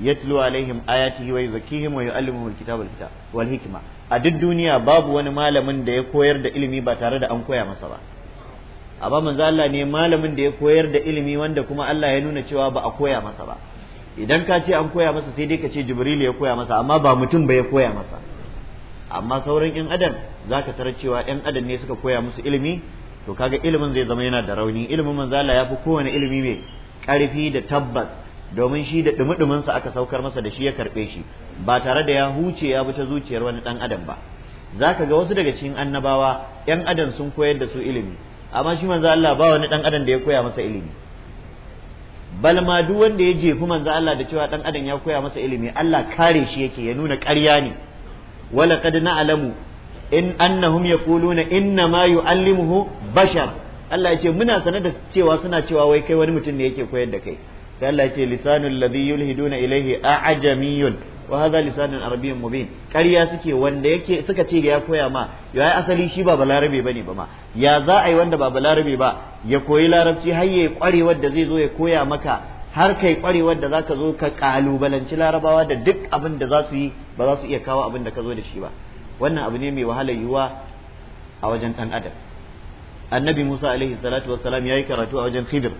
S1: yatlu alaihim ayatihi wa yuzakkihim wa yu'allimuhum alkitaba wal hikma a duk duniya babu wani malamin da ya koyar da ilimi ba tare da an koya masa ba amma manzo Allah ne malamin da ya koyar da ilimi wanda kuma Allah ya nuna cewa ba a koya masa ba idan ka ce an koya masa sai dai ka ce Jibril ya koya masa amma ba mutum ba ya koya masa amma sauran yan adam zaka tarar cewa yan adam ne suka koya musu ilimi to kaga ilimin zai zama yana da rauni ilimin manzo Allah ya fi kowane ilimi mai karfi da tabbas domin shi da dumudumin sa aka saukar masa da shi ya karbe shi ba tare da ya huce ya bi ta zuciyar wani dan adam ba zaka ga wasu daga cikin annabawa yan adam sun koyar da su ilimi amma shi manzo Allah ba wani dan adam da ya koya masa ilimi bal ma duk wanda ya jefi manzo Allah da cewa dan adam ya koya masa ilimi Allah kare shi yake ya nuna ƙarya ne wala qad na'lamu in annahum yaquluna inna ma yuallimuhu bashar Allah ya ce muna sanar da cewa suna cewa wai kai wani mutum ne yake koyar da kai sai Allah ya ce lisanul ladhi yulhiduna ilayhi a'jamiyyun wa hadha lisanun arabiyyun mubin ƙarya suke wanda yake suka ce ya koya ma Ya'yi asali shi ba balarabe bane ba ma ya za a yi wanda ba balarabe ba ya koyi larabci har ya ƙwarewar da zai zo ya koya maka har kai ƙwarewar da zaka zo ka kalubalanci larabawa da duk abin da za su yi ba za su iya kawo abin da ka zo da shi ba wannan abu ne mai wahala yiwuwa a wajen ɗan adam annabi musa alaihi salatu wassalam ya yi karatu a wajen khidir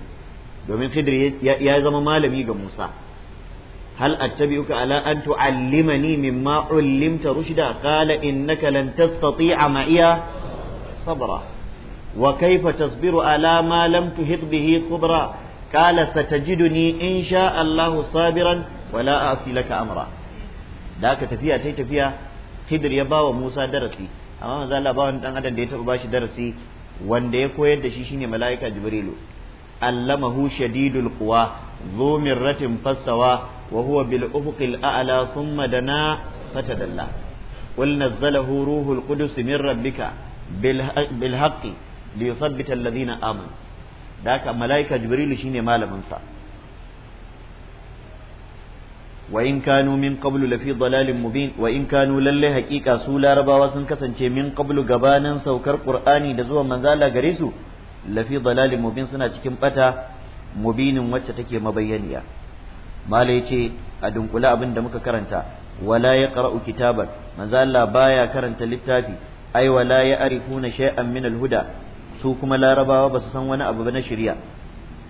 S1: domin khidir ya zama malami ga musa hal attabi'uka ala an tu'allimani mimma ullimta rushda qala innaka lan tastati'a ma'iya sabra wa kayfa tasbiru ala ma lam tuhit bihi khubra قال ستجدني إن شاء الله صابرا ولا أعصي لك أمرا tafiya تفيا تي تفيا Khidir ya bawa Musa darasi amma manzo Allah ba wani dan adam da ya taba bashi darasi wanda ya koyar da shi shine mala'ika Jibrilu allamahu shadidul quwa dhu mirratin fastawa wa huwa bil ufuqil a'la thumma dana fatadalla qul nazzalahu ruhul qudus min rabbika bil haqqi li alladhina amanu da haka mala'ika Jibrilu shine malamin sa wa in kanu min qablu lafi dalalin mubin wa in kanu lalle su larabawa sun kasance min qablu gabanin saukar qur'ani da zuwa manzala gare su lafi dalalin mubin suna cikin bata mubinin wacce take mabayyaniya mala yace a dunkule abin da muka karanta wala yaqra'u kitaban manzo Allah baya karanta littafi ai wala ya'rifuna shay'an min al-huda su kuma larabawa ba su san wani abu ba na shirya?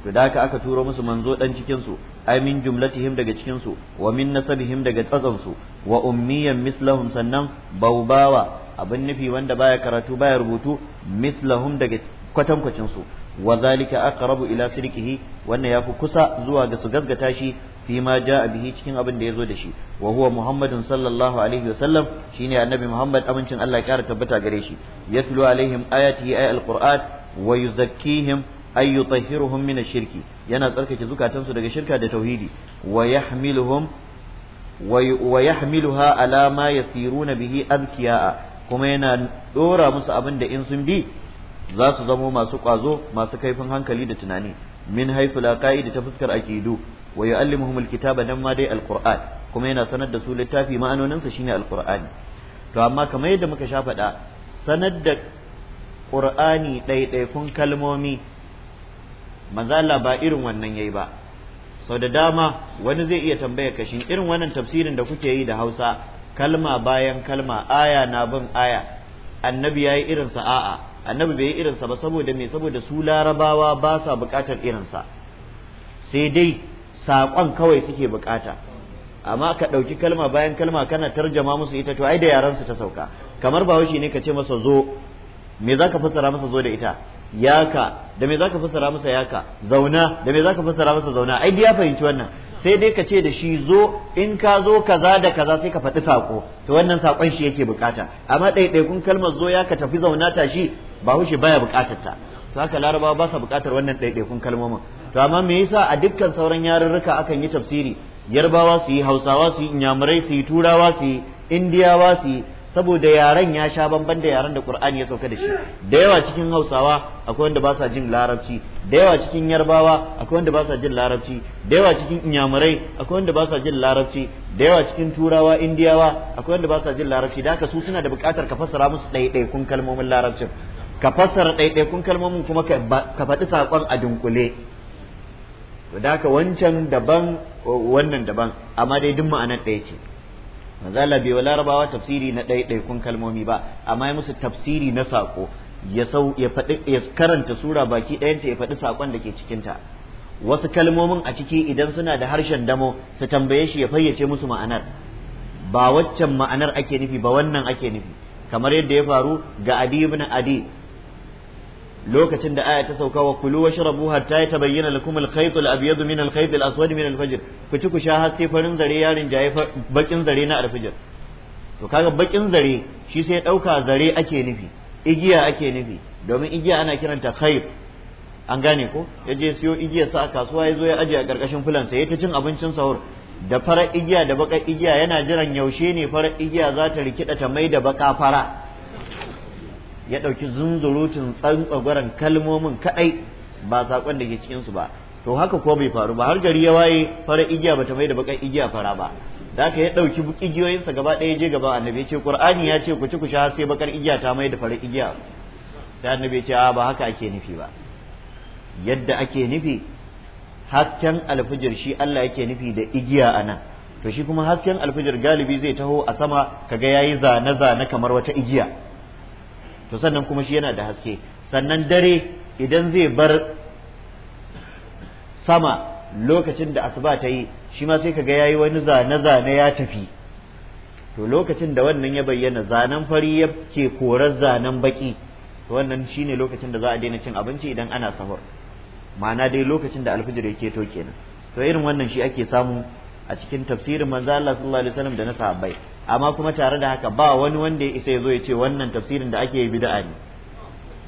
S1: to da haka aka turo musu manzo ɗan cikin su Amin jumlatihim daga cikin su wa min nasabihim daga tsatsan wa ummiyan mislahum sannan baubawa abin nufi wanda baya karatu baya rubutu mislahum daga kwatankwacin su wa zalika aqrabu ila sirqihi wannan yafi kusa zuwa ga su gazgata shi fi ma jaa bihi cikin abin da yazo da shi wa huwa muhammadun sallallahu alaihi wasallam shine annabi muhammad amincin Allah ya kara tabbata gare shi yatlu alaihim ayatihi ay alquran wa yuzakkihim ay yutahhiruhum min ash-shirki yana tsarkake zukatansu daga shirka da tauhidi wa yahmiluhum wa yahmiluha ala ma kuma yana dora musu abin da in sun bi za su masu kwazo masu kaifin hankali da tunani min haythu ta fuskar aqidu wa yu'allimuhum kitaba dan ma dai al kuma yana sanar da su littafi ma'anoninsa shine al-qur'ani kamar yadda muka sha faɗa sanar da ƙur'ani kalmomi manzo Allah ba irin wannan yayi ba sau da dama wani zai iya tambaya kashin irin wannan tafsirin da kuke yi da Hausa kalma bayan kalma aya na bin aya annabi yayi irin sa a'a annabi bai yi irin sa ba saboda me saboda su larabawa ba sa bukatar irin sa sai dai saƙon kawai suke bukata amma ka ɗauki kalma bayan kalma kana tarjama musu ita to ai da yaran su ta sauka kamar ba ne ka ce masa zo me zaka fassara masa zo da ita yaka da me zaka fassara masa yaka zauna da me zaka fassara masa zauna ai ya fahimci wannan sai dai ka ce da shi zo in ka zo kaza da kaza sai ka faɗi sako to wannan sakon shi yake bukata amma ɗaiɗaikun kalmar zo ya ka tafi zauna ta shi ba hushi baya bukatar ta to haka Laraba ba sa bukatar wannan ɗaiɗaikun kalmomin to amma me yasa a dukkan sauran yarurruka akan yi tafsiri yarbawa su yi hausawa su yi inyamurai su yi turawa su yi indiyawa su yi saboda yaren ya sha bamban da yaren da Qur'ani ya sauka da shi da yawa cikin Hausawa akwai wanda ba sa jin Larabci da yawa cikin Yarbawa akwai wanda ba sa jin Larabci da yawa cikin Inyamurai akwai wanda ba sa jin Larabci da yawa cikin Turawa Indiyawa akwai wanda ba sa jin Larabci da haka su suna da buƙatar ka fassara musu ɗaiɗaikun kalmomin Larabcin ka fassara ɗaiɗaikun kalmomin kuma ka faɗi saƙon a dunkule to da haka wancan daban wannan daban amma dai duk ma'anar ɗaya ce manzo Allah wala larabawa tafsiri na kun kalmomi ba amma ya musu tafsiri na sako ya sau ya faɗi ya karanta sura baki ɗayanta ya faɗi sakon da ke cikin ta wasu kalmomin a ciki idan suna da harshen damo su tambaye shi ya fayyace musu ma'anar ba waccan ma'anar ake nufi ba wannan ake nufi kamar yadda ya faru ga Adi ibn Adi lokacin da aya ta sauka wa kulu wa shrabu hatta tabayyana lakum al-khayt al-abyad min al-khayt al-aswad min al-fajr ku ci ku sha har sai farin zare yarin jaye bakin zare na al to kaga bakin zare shi sai dauka zare ake nufi igiya ake nufi domin igiya ana kiranta khayt an gane ko ya siyo igiya sa a kasuwa yazo ya ajiye a karkashin fulan ya ta cin abincin sahur da farar igiya da bakar igiya yana jiran yaushe ne farar igiya za ta rikida ta mai da baka fara ya ɗauki zunzurutun tsantsagwaran kalmomin kaɗai ba saƙon da ke cikinsu ba to haka ko bai faru ba har gari ya waye fara igiya bata mai da bakan igiya fara ba da haka ya ɗauki igiyoyinsa gaba ɗaya je gaba annabi ya ce ƙur'ani ya ce ku ci ku sha sai bakar igiya ta mai da fara igiya sai annabi ce a ba haka ake nufi ba yadda ake nufi hasken alfijir shi Allah yake nufi da igiya a nan. to shi kuma hasken alfijir galibi zai taho a sama kaga yayi zane zane kamar wata igiya to sannan kuma shi yana da haske sannan dare idan zai bar sama lokacin da asuba ta yi shi ma sai kaga yayi wani zane zane ya tafi to lokacin da wannan ya bayyana zanen fari ya ke korar zanen baki to wannan shine lokacin da za a daina cin abinci idan ana sahur ma'ana dai lokacin da alfijir yake to kenan to irin wannan shi ake samu a cikin tafsirin manzo Allah sallallahu alaihi wasallam da na sahabbai amma kuma tare da haka ba wani wanda ya isa ya zo ya ce wannan tafsirin da ake yi bid'a ne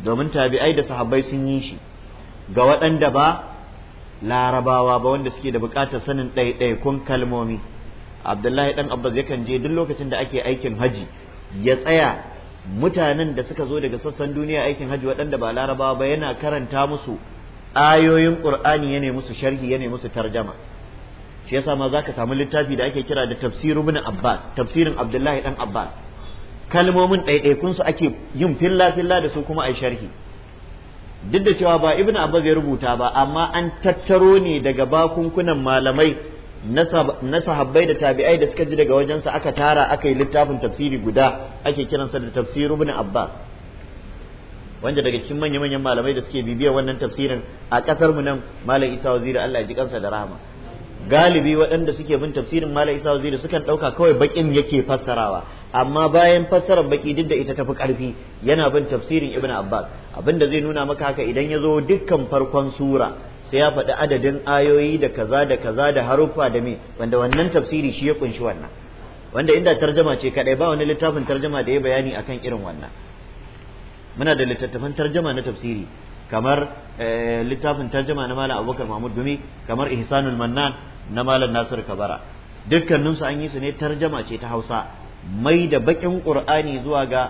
S1: domin tabi'ai da sahabbai sun yi shi ga waɗanda ba larabawa ba wanda suke da buƙatar sanin kun kalmomi abdullahi dan abbas yakan je duk lokacin da ake aikin haji ya tsaya mutanen da suka zo daga sassan duniya aikin haji waɗanda ba larabawa ba yana karanta musu ayoyin qur'ani yana musu sharhi yana musu tarjama shi yasa ma zaka samu littafi da ake kira da tafsiru ibn abbas tafsirin abdullahi dan abbas kalmomin ɗaiɗaikun su ake yin filla filla da su kuma ai sharhi duk da cewa ba ibn abbas ya rubuta ba amma an tattaro ne daga bakunkunan malamai na sahabbai da tabi'ai da suka ji daga wajensa aka tara aka yi littafin tafsiri guda ake kiransa da tafsiru ibn abbas wanda daga cikin manya-manyan malamai da suke bibiya wannan tafsirin a kasar mu nan malam isa waziri Allah ya ji kansa da rahama galibi waɗanda suke bin tafsirin mala isa waziri sukan ɗauka kawai baƙin yake fassarawa amma bayan fassarar baƙi duk da ita ta fi ƙarfi yana bin tafsirin ibn abbas abinda zai nuna maka haka idan ya zo dukkan farkon sura sai ya faɗi adadin ayoyi da kaza da kaza da haruffa da me wanda wannan tafsiri shi ya ƙunshi wannan wanda inda tarjama ce kadai ba wani littafin tarjama da ya bayani akan irin wannan muna da littattafan tarjama na tafsiri kamar eh, littafin tarjuma na malam abubakar mahmud gumi kamar ihsanul mannan na malam nasir kabara dukkaninsu an yi su ne tarjama ce ta hausa mai da bakin qur'ani zuwa ga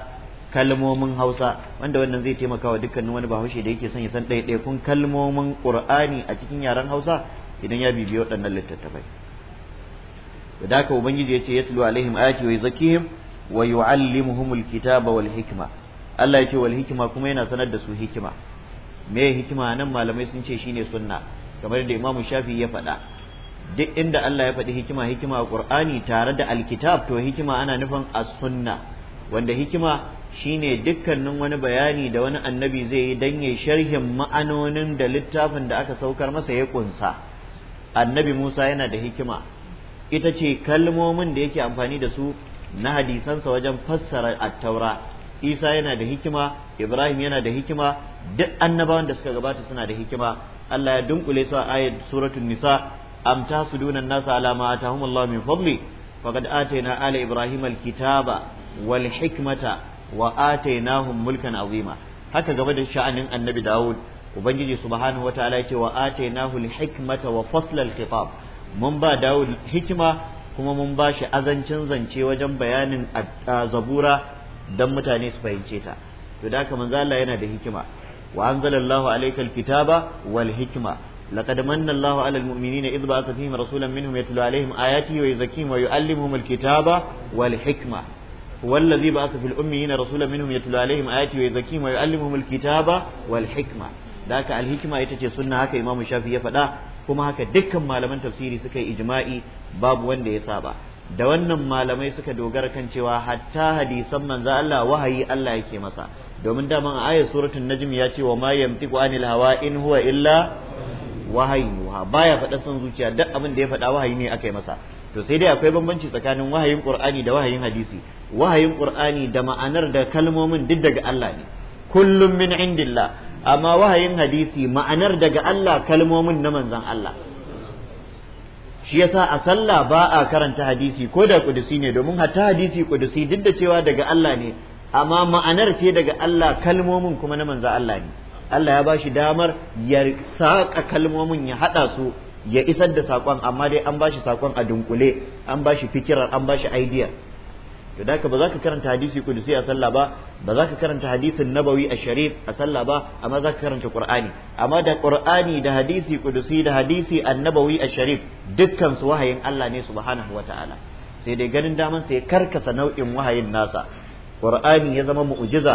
S1: kalmomin hausa wanda wannan zai taimaka wa dukkanin wani bahaushe da yake son ya san ɗaiɗaikun kalmomin qur'ani a cikin yaren hausa idan ya bibiyo waɗannan littattafai da haka ubangiji ya ce yatlu alaihim ayati wa yuzakkihim wa yu'allimuhumul kitaba wal hikma Allah ya ce wal hikma kuma yana sanar da su hikima me hikima nan malamai sun ce shine sunna kamar da imamu shafi ya faɗa duk inda Allah ya faɗi hikima hikima a Qur'ani tare da alkitab to hikima ana nufin as-sunna wanda hikima shine dukkanin wani bayani da wani annabi zai yi dan ya sharhin ma'anonin da littafin da aka saukar masa ya kunsa annabi Musa yana da hikima ita ce kalmomin da yake amfani da su na hadisansa wajen fassara at-taura Isa yana da hikima Ibrahim yana da hikima duk annabawan da suka gabata suna da hikima Allah ya dunkule su a ayat suratul nisa am tasuduna an-nasa ala ma atahum Allah min fadli faqad atayna ala ibrahim al-kitaba wal hikmata wa atainahum mulkan azima haka gaba da sha'anin annabi Dawud ubangiji subhanahu wataala yace wa atainahu al-hikmata wa fasla al-khitab mun ba Dawud hikima kuma mun ba shi azancin zance wajen bayanin zabura dan mutane su fahimce ta to da haka manzo Allah yana da hikima wa anzalallahu alayka alkitaba wal hikma لقد من الله على المؤمنين إذ بعث فيهم رسولا منهم يتلو عليهم آياته ويزكيهم ويعلمهم الكتاب والحكمة هو الذي بعث في الأميين رسولا منهم يتلو عليهم آياته ويزكيهم ويعلمهم الكتاب والحكمة ذاك الحكمة يتجي سنة هكا إمام الشافعي فدا كما هكا دكا malaman tafsiri suka yi ijma'i babu wanda ya saba da wannan malamai suka dogara kan cewa hatta hadisan manzo Allah wahayi Allah yake masa domin daman a ayar suratun najm ya ce wa ma yamtiku anil hawa in huwa illa wahayi baya faɗa son zuciya duk abin da ya faɗa wahayi ne aka yi masa to sai dai akwai bambanci tsakanin wahayin qur'ani da wahayin hadisi wahayin qur'ani da ma'anar da kalmomin duk daga Allah ne kullum min indillah amma wahayin hadisi ma'anar daga Allah kalmomin na manzan Allah shi yasa a sallah ba a karanta hadisi ko da kudusi ne domin hatta hadisi kudusi duk da cewa daga Allah ne amma ma'anar ce daga Allah kalmomin kuma na manzo Allah ne Allah ya bashi damar ya saƙa kalmomin ya haɗa su ya isar da saƙon amma dai an bashi saƙon a dunkule an bashi fikirar an bashi idea to da ba za ka karanta hadisi kudusi a sallah ba ba za ka karanta hadisin nabawi a sharif a sallah ba amma za ka karanta qur'ani amma da qur'ani da hadisi kudusi da hadisi annabawi a sharif dukkan su wahayin Allah ne subhanahu wataala sai dai ganin daman sai karkasa nau'in wahayin nasa qur'ani ya zama mu'jiza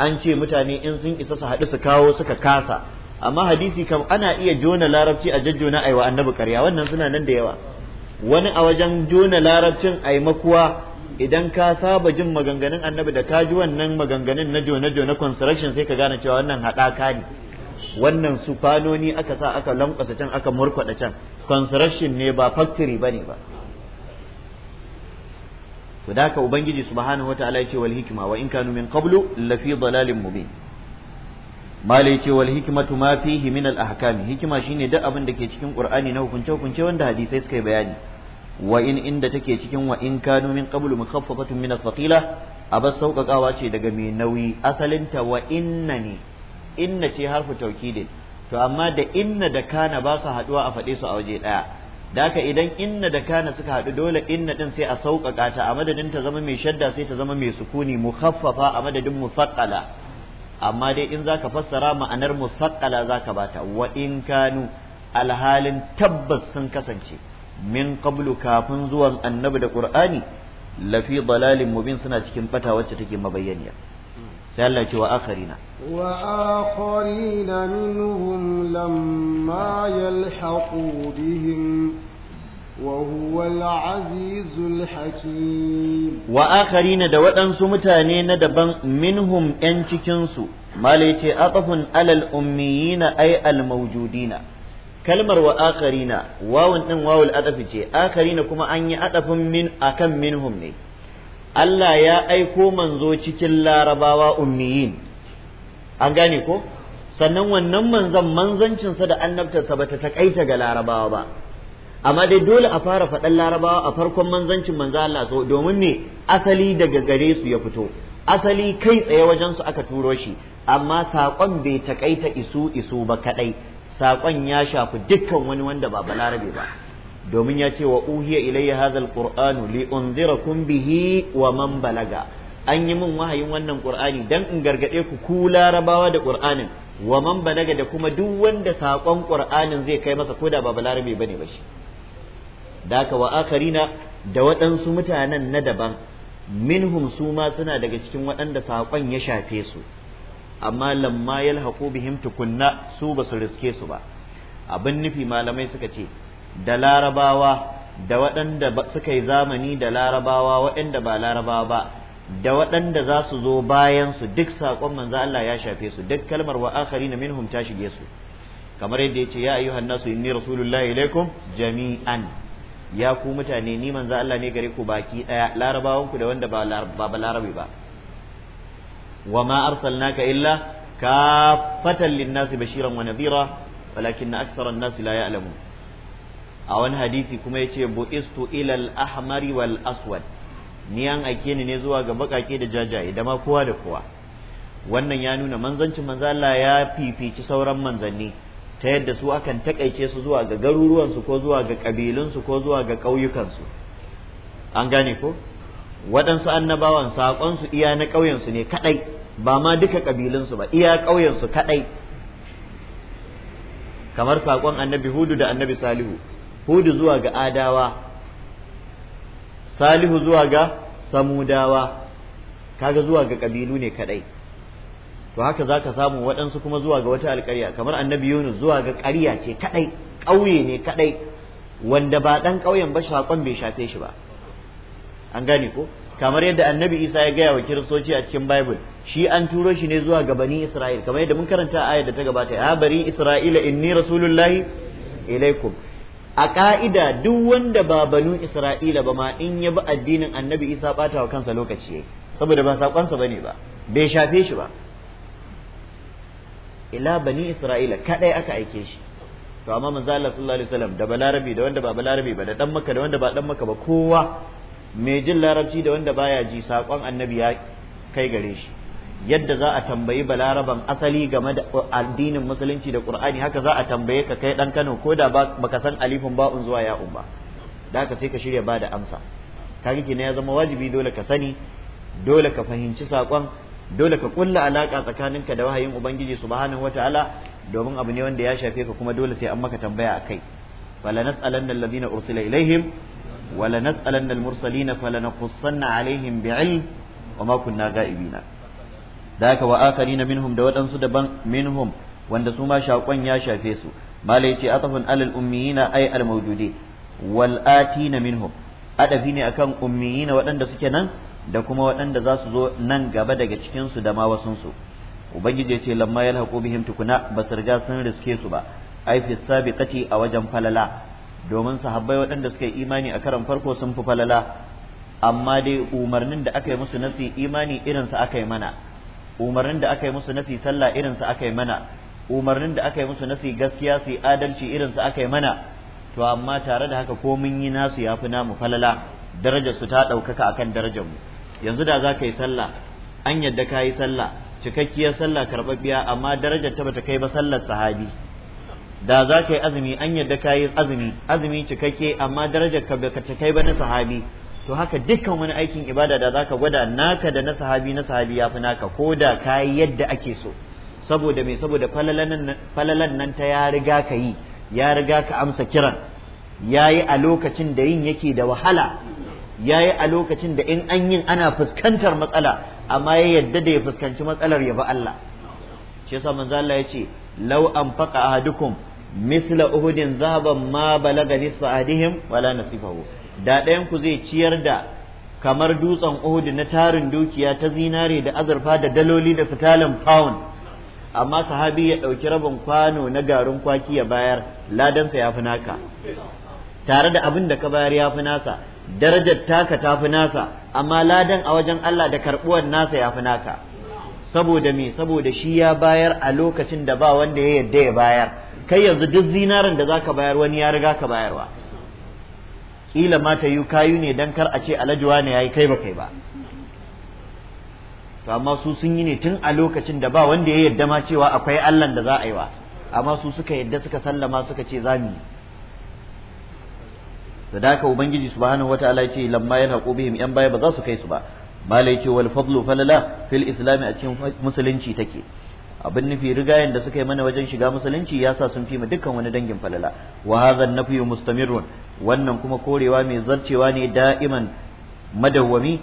S1: an ce mutane in sun isa su haɗu su kawo suka kasa amma hadisi kam ana iya jona larabci a jajjona aiwa annabi karya wannan suna nan da yawa wani a wajen jona larabcin ai makuwa idan ka saba jin maganganun annabi da ka ji wannan maganganun na jona jona construction sai ka gane cewa wannan haɗaka ne wannan su fanoni aka sa aka lankwasa can aka murkwada can construction ne ba factory bane ba to da haka ubangiji subhanahu wataala yace wal hikma wa in kanu min qablu lafi dalalin mubin mala yace wal hikmatu ma fihi min al ahkami hikima shine duk abin da ke cikin qur'ani na hukunce hukunce wanda hadisai suka yi bayani wa in inda take cikin wa in kanu min qablu mukhaffafatun min al abas sauƙaƙawa ce daga mai nauyi asalinta wa inna ne inna ce harfu taukidin to amma da inna da kana ba su haɗuwa a faɗe su a waje ɗaya da haka idan inna da kana suka haɗu dole inna din sai a sauƙaƙa ta a madadin ta zama mai shadda sai ta zama mai sukuni mukhaffafa a madadin musaqqala amma dai in zaka fassara ma'anar musaqqala zaka bata wa in kanu alhalin tabbas sun kasance min qablu kafin zuwan annabi da ƙur'ani lafi dalalin mubin suna cikin fata wacce take mabayyaniya sai Allah ce wa akharina
S2: wa akharina minhum lamma yalhaqu bihim wa huwa al-azizul hakim wa
S1: akharina da waɗansu mutane na daban minhum yan cikin su malai ce atafun alal ummiyina ay al mawjudina kalmar wa akharina wawun din wawul adafi ce akharina kuma an yi adafin min akan minhum ne Allah ya aiko manzo cikin larabawa ummiyin an gane ko sannan wannan manzon manzancinsa da annabtarsa bata takaita ga larabawa ba amma dai dole a fara faɗan larabawa a farkon manzancin manzo Allah so domin ne asali daga gare su ya fito asali kai tsaye wajen su aka turo shi amma saƙon bai takaita isu isu ba kaɗai saƙon ya shafi dukkan wani wanda ba balarabe ba domin ya ce wa uhiya ilayya hadha alqur'anu li unzirakum bihi wa man balaga an yi min wahayin wannan qur'ani dan in gargade ku ku larabawa da qur'anin wa man balaga da kuma duk wanda sakon qur'anin zai kai masa koda ba balarabe bane ba shi daka wa akarina da waɗansu mutanen na daban minhum su ma suna daga cikin waɗanda sakon ya shafe su amma lamma yalhaqu bihim tukunna su ba su riske su ba abin nufi malamai suka ce da larabawa da waɗanda suka yi zamani da larabawa waɗanda ba larabawa ba da waɗanda za su zo bayan su duk saƙon manzo Allah ya shafe su duk kalmar wa na minhum ta shige su kamar yadda yace ya ayyuhan nasu inni rasulullahi ilaikum jami'an ya ku mutane ni manzo Allah ne gare ku baki daya larabawan ku da wanda ba ba larabi ba wa ma arsalnaka illa kafatan lin-nasi bashiran wa nadhira na aktsara an-nasi la ya'lamun a wani hadisi kuma yace bu'istu ilal ahmari wal aswad ni an aike ni ne zuwa ga bakake da jajaye da ma kowa da kowa wannan ya nuna manzancin manzo Allah ya fifici sauran manzanni ta yadda su akan takaice su zuwa ga garuruwansu ko zuwa ga su ko zuwa ga ƙauyukansu an gane ko waɗansu annabawan saƙonsu iya na ƙauyensu ne kaɗai ba ma duka ƙabilunsu ba iya ƙauyensu kaɗai kamar saƙon annabi hudu da annabi salihu hudu zuwa ga adawa salihu zuwa ga samudawa kaga zuwa ga kabilu ne kadai to haka za ka samu waɗansu kuma zuwa ga wata alƙarya kamar annabi yunus zuwa ga ƙarya ce kadai ƙauye ne kadai wanda ba ɗan ƙauyen ba shakon bai shafe shi ba an gane ko kamar yadda annabi isa ya gaya wa kiristoci a cikin bible shi an turo shi ne zuwa ga bani isra'il kamar yadda mun karanta ayar da ta gabata ya bari isra'ila inni rasulullahi ilaikum a ka'ida duk wanda ba banu isra'ila ba ma in ya bi addinin annabi isa bata wa kansa lokaci yayi saboda ba sakonsa bane ba bai shafe shi ba ila bani isra'ila kadai aka aike shi to amma manzo Allah sallallahu alaihi wasallam da balarabi da wanda ba balarabi ba da dan maka da wanda ba dan maka ba kowa mai jin larabci da wanda baya ji sakon annabi ya kai gare shi yadda za a tambayi balaraban asali game da addinin musulunci da qur'ani haka za a tambaye ka kai dan Kano ko da baka san alifin ba'un zuwa ya'un ba da haka sai ka shirya ba da amsa kaga kina ya zama wajibi dole ka sani dole ka fahimci sakon dole ka kulla alaka tsakaninka da wahayin ubangiji subhanahu wataala domin abu ne wanda ya shafe ka kuma dole sai an maka tambaya akai fala alladhina ursila ilaihim mursalina fala naqussanna alaihim bi'ilm ga'ibina da haka wa na minhum da waɗansu daban minhum wanda su ma shaƙon ya shafe su malai ce atafun alal ummiyina ay al mawjudi wal atina minhum adafi ne akan ummiyina waɗanda suke nan da kuma waɗanda za su zo nan gaba daga cikin su da ma wasun su ubangiji ya ce lamma yalhaqu bihim tukuna ba su riga sun riske su ba ai fi sabiqati a wajen falala domin sahabbai waɗanda suka yi imani a karan farko sun fi falala amma dai umarnin da aka yi musu nasi imani irinsa aka yi mana umarnin da aka yi musu nasi sallah irin su aka yi mana umarnin da aka yi musu nasi gaskiya su adalci irin su aka yi mana to amma tare da haka ko mun yi nasu yafi fi namu falala darajar su ta ɗaukaka akan darajar mu yanzu da za ka yi sallah an yadda ka yi sallah cikakkiyar sallah karɓaɓɓiya amma darajar ta bata kai ba sallar sahabi da za ka yi azumi an yadda ka yi azumi azumi cikakke amma darajar ka bata kai ba na sahabi to haka dukkan wani aikin ibada da zaka gwada naka da na sahabi na sahabi ya fi naka ko da ka yi yadda ake so saboda me saboda falalan nan ta ya riga ka yi ya riga ka amsa kiran ya yi a lokacin da yin yake da wahala ya yi a lokacin da in an yin ana fuskantar matsala amma ya yadda da ya fuskanci matsalar ya bi Allah shi yasa manzo Allah ya ce law anfaqa ahadukum misla uhudin zahaban ma balaga nisfa ahadihim wala nasifahu da ɗayan zai ciyar da kamar dutsen Uhud na tarin dukiya ta zinare da azurfa da daloli da fitalin faun amma sahabi ya ɗauki rabin kwano na garin kwaki ya bayar ladansa ya fi naka tare da abin da ka bayar ya fi nasa darajar taka ta fi nasa amma ladan a wajen Allah da karɓuwar nasa ya fi naka saboda me saboda shi ya bayar a lokacin da ba wanda ya yarda ya bayar kai yanzu duk zinarin da zaka bayar wani ya riga ka bayarwa kila ma ta yi kayu ne don kar a ce alajuwa ne yi kai ba kai ba to amma su sun yi ne tun a lokacin da ba wanda ya yadda ma cewa akwai Allah da za a yi wa amma su suka yadda suka sallama suka ce za mu yi da haka ubangiji subhanahu wataala ya ce lamma yana bihim yan baya ba za su kai su ba malai ce wal fadlu falala fil islam a cikin musulunci take abin nufi rigayen da suka yi mana wajen shiga musulunci ya sa sun fi ma dukkan wani dangin falala wa hadha nafyu mustamirun wannan kuma korewa mai zarcewa ne da'iman madawwami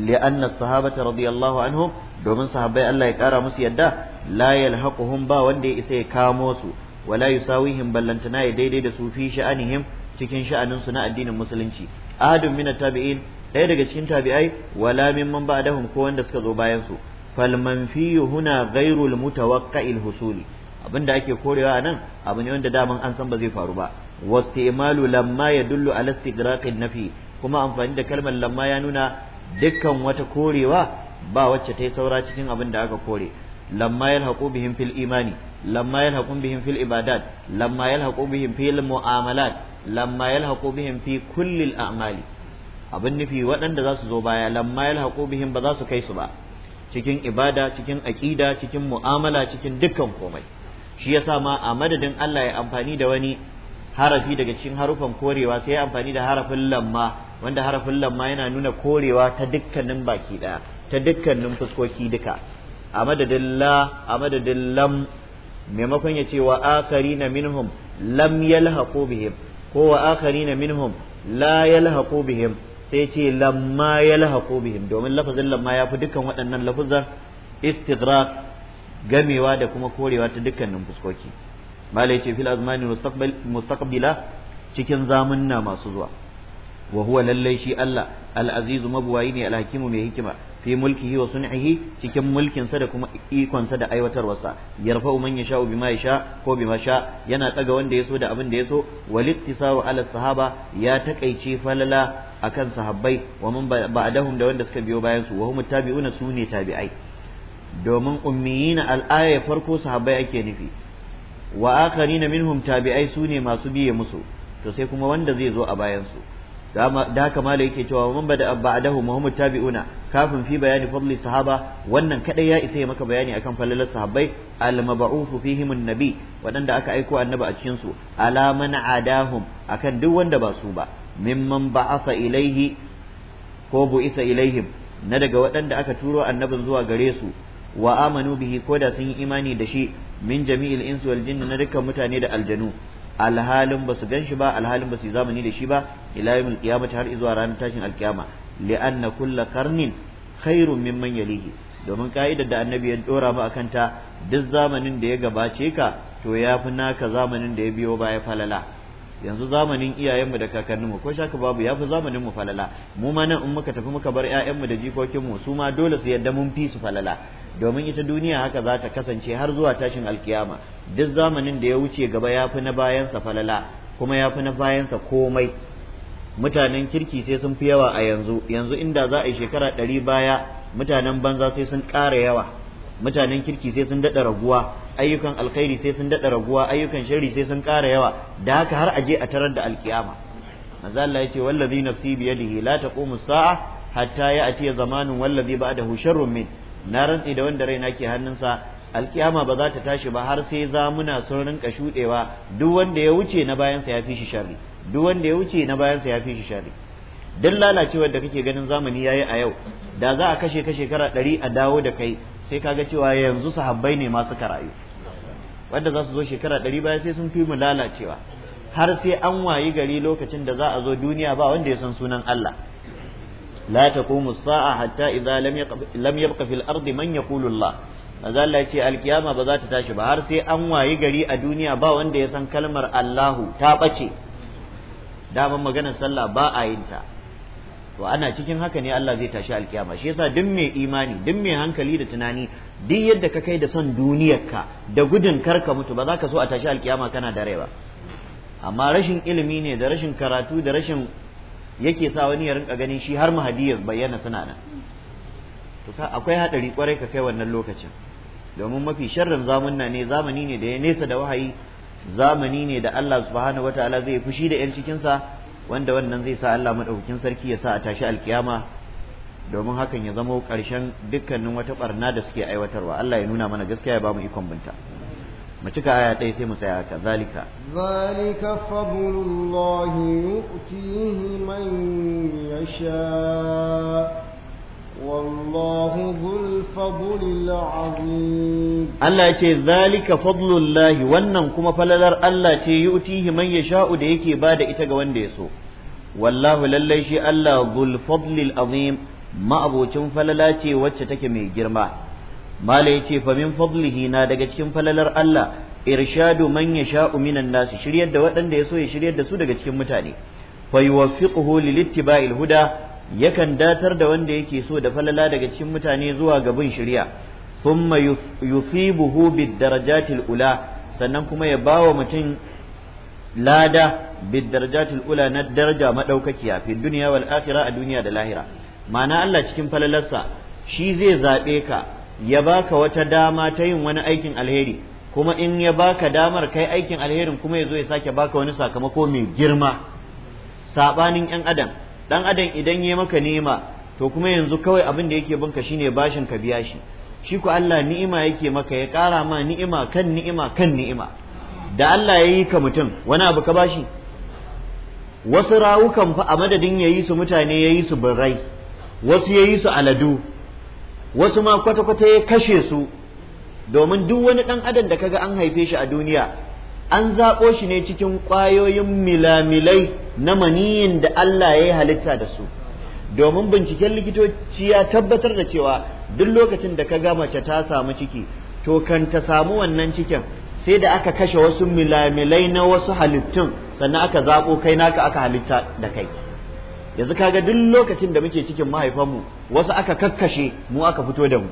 S1: li'anna sahabata radiyallahu anhu. domin sahabai Allah ya kara musu yadda la yalhaquhum ba wanda ya isa ya kamo su wala yusawihim ballantana ya daidai da su fi sha'anihim cikin sha'aninsu na addinin musulunci ahadun min tabi'in ɗaya daga cikin tabi'ai wala mimman ba'dahum ko wanda suka zo bayansu. falmanfi huna ghairul mutawaqqa'il husuli abinda ake korewa nan abu ne wanda damar ansan ba zai faru ba wastimalu lamma yadullu ala istigraqin nafi kuma amfani da kalmar lamma ya nuna dukkan wata korewa ba wacce ta yi saura cikin abin da aka kore lamma yalhaqu bihim fil imani lamma yalhaqu bihim fil ibadat lamma yalhaqu bihim fil mu'amalat lamma yalhaqu bihim fi kulli a'mali abin nufi waɗanda zasu zo baya lamma yalhaqu bihim ba su kai su ba cikin ibada cikin aƙida cikin mu'amala cikin dukkan komai shi yasa ma a madadin Allah ya amfani da wani harafi daga cikin harufan korewa sai ya amfani da harafin lamma wanda harafin lamma yana nuna korewa ta dukkanin baki ɗaya ta dukkanin fuskoki duka a madadin la a madadin lam maimakon ya ce wa akari na minhum lam yalhaqu bihim ko wa akari na minhum la yalhaqu bihim sai ce lamma ya lahaqu bihim domin lafazin lamma ya fi dukkan waɗannan lafazan istigraq gamewa da kuma korewa ta dukkanin fuskoki malai ce fil azmani mustaqbila cikin zamunna masu zuwa wa huwa lallai shi Allah al-azizu mabwayi ne al-hakimu mai hikima fi mulkihi wa sun'ihi cikin mulkin sa da kuma ikon sa da aiwatarwar sa yarfa'u man yasha bima yasha ko bima sha yana tsaga wanda yaso da abin da yaso wa ala sahaba ya takaice falala akan sahabbai wa man ba'dahum da wanda suka biyo bayan su wa hum tabi'una sune tabi'ai domin ummiyina al'aya farko sahabbai ake nufi wa akharina minhum tabi'ai sune masu biye musu to sai kuma wanda zai zo a bayan su da haka malai yake cewa man bada ba'dahu muhammad tabi'una kafin fi bayani fadli sahaba wannan kadai ya isa ya maka bayani akan falalar sahabbai al mab'uthu fihim nabi wadanda aka aiko annabi a cikin su ala man adahum akan duk wanda ba su ba mimman ba'asa ilaihi ko bu'isa ilaihim na daga waɗanda aka turo annabin zuwa gare su wa amanu bihi ko da sun yi imani da shi min jami'il insu wal jinni na dukkan mutane da aljanu alhalin ba su gan shi ba alhalin ba su yi zamani da shi ba ila yawmil qiyamati har zuwa ranar tashin alkiyama li'anna kulla qarnin khairun mimman yalihi domin ka'idar da annabi ya dora mu akan ta duk zamanin da ya gabace ka to ya fi naka zamanin da ya biyo baya falala yanzu zamanin iyayenmu da kakanninmu ko shaka babu ya fi zamanin mu falala mu ma nan in muka tafi muka bar 'ya'yanmu da jikokinmu su ma dole su yadda mun fi su falala domin ita duniya haka za ta kasance har zuwa tashin alkiyama duk zamanin da ya wuce gaba ya fi na bayansa falala kuma ya fi na bayansa komai mutanen kirki sai sun fi yawa a yanzu yanzu inda za a yi shekara ɗari baya mutanen banza sai sun ƙara yawa mutanen kirki sai sun daɗa raguwa ayyukan alkhairi sai sun daɗa raguwa ayyukan shari sai sun ƙara yawa da haka har a je a tarar da alkiyama manzo Allah yace wallazi nafsi biyadihi la taqumu sa'a hatta ya'ti zamanun wallazi ba'dahu sharrun min na rantsi da wanda raina ke hannunsa alkiyama ba za ta tashi ba har sai zamuna sun rinka shudewa duk wanda ya wuce na bayansa ya fi shi sharri duk wanda ya wuce na bayansa ya fi shi sharri duk lalacewar da kake ganin zamani yayi a yau da za a kashe ka shekara ɗari a dawo da kai sai ka ga cewa yanzu sahabbai ne masu karayu wanda za su zo shekara ɗari baya sai sun fi mu lalacewa har sai an wayi gari lokacin da za a zo duniya ba wanda ya san sunan Allah lata taqumu sa'a hatta idza lam lam yabqa fil ardi man yaqulu Allah maza ce alkiyama ba za ta tashi ba har sai an wayi gari a duniya ba wanda ya san kalmar Allahu ta ɓace. daman maganar sallah ba a yin ta to ana cikin haka ne Allah zai tashi alkiyama shi yasa duk mai imani duk mai hankali da tunani duk yadda ka kai da son duniyarka da gudun kar ka mutu ba za ka so a tashi alkiyama kana da rai ba amma rashin ilimi ne da rashin karatu da rashin yake sa wani ya rinka ganin shi har mahadi ya bayyana suna nan to ka akwai hadari kwarai ka kai wannan lokacin domin mafi sharrin zamunna ne zamani ne da ya nesa da wahayi zamani ne da Allah subhanahu wataala zai fushi da yan cikin sa wanda wannan zai sa Allah madaukakin sarki ya sa a tashi alkiyama domin hakan ya zama karshen dukkanin wata barna da suke aiwatarwa Allah ya nuna mana gaskiya ya bamu ikon binta mu cika aya ɗaya sai mu tsaya haka zalika
S2: zalika fadlullahi yu'tihi man yasha والله ذو الفضل العظيم
S1: الله Allah ذلك zalika الله wannan kuma falalar Allah ce yutihi man yasha'u da yake bada ita ga wanda ya so wallahu lallai shi Allah dhul fadl azim ma'abocin falala ce wacce take mai girma mala yace fa min fadlihi na daga cikin falalar Allah irshadu man yasha'u minan nasu shiryar da waɗanda ya so ya shiryar da su daga cikin mutane fa yuwaffiquhu huda yakan datar da wanda yake so da falala daga cikin mutane zuwa ga bin shiriya thumma yusibuhu bid darajatil ula sannan kuma ya bawa mutum lada bid darajatil ula na daraja madaukakiya fi dunya wal akhirah a duniya da lahira ma'ana Allah cikin falalarsa shi zai zabe ka ya baka wata dama ta yin wani aikin alheri kuma in ya baka damar kai aikin alherin kuma ya zo ya sake baka wani sakamako mai girma sabanin yan adam dan adam idan ya maka nema to kuma yanzu kawai abin da yake binka shine bashin ka biya shi shi ku Allah ni'ima yake maka ya ƙara ma ni'ima kan ni'ima kan ni'ima da Allah ya yi ka mutum wani abu ka bashi wasu rawukan fa a madadin ya yi su mutane ya yi su birrai wasu ya yi su aladu wasu ma kwata-kwata ya kashe su domin duk wani ɗan adam da kaga an haife shi a duniya an zaɓo shi ne cikin ƙwayoyin milamilai na maniyin da Allah ya yi halitta da su domin binciken likitoci ya tabbatar da cewa duk lokacin da ka ga mace ta samu ciki to kan ta samu wannan cikin sai da aka kashe wasu milamilai na wasu halittun sannan aka zaɓo kai naka aka halitta da kai yanzu kaga duk lokacin da muke cikin mahaifanmu wasu aka kakkashe mu aka fito da mu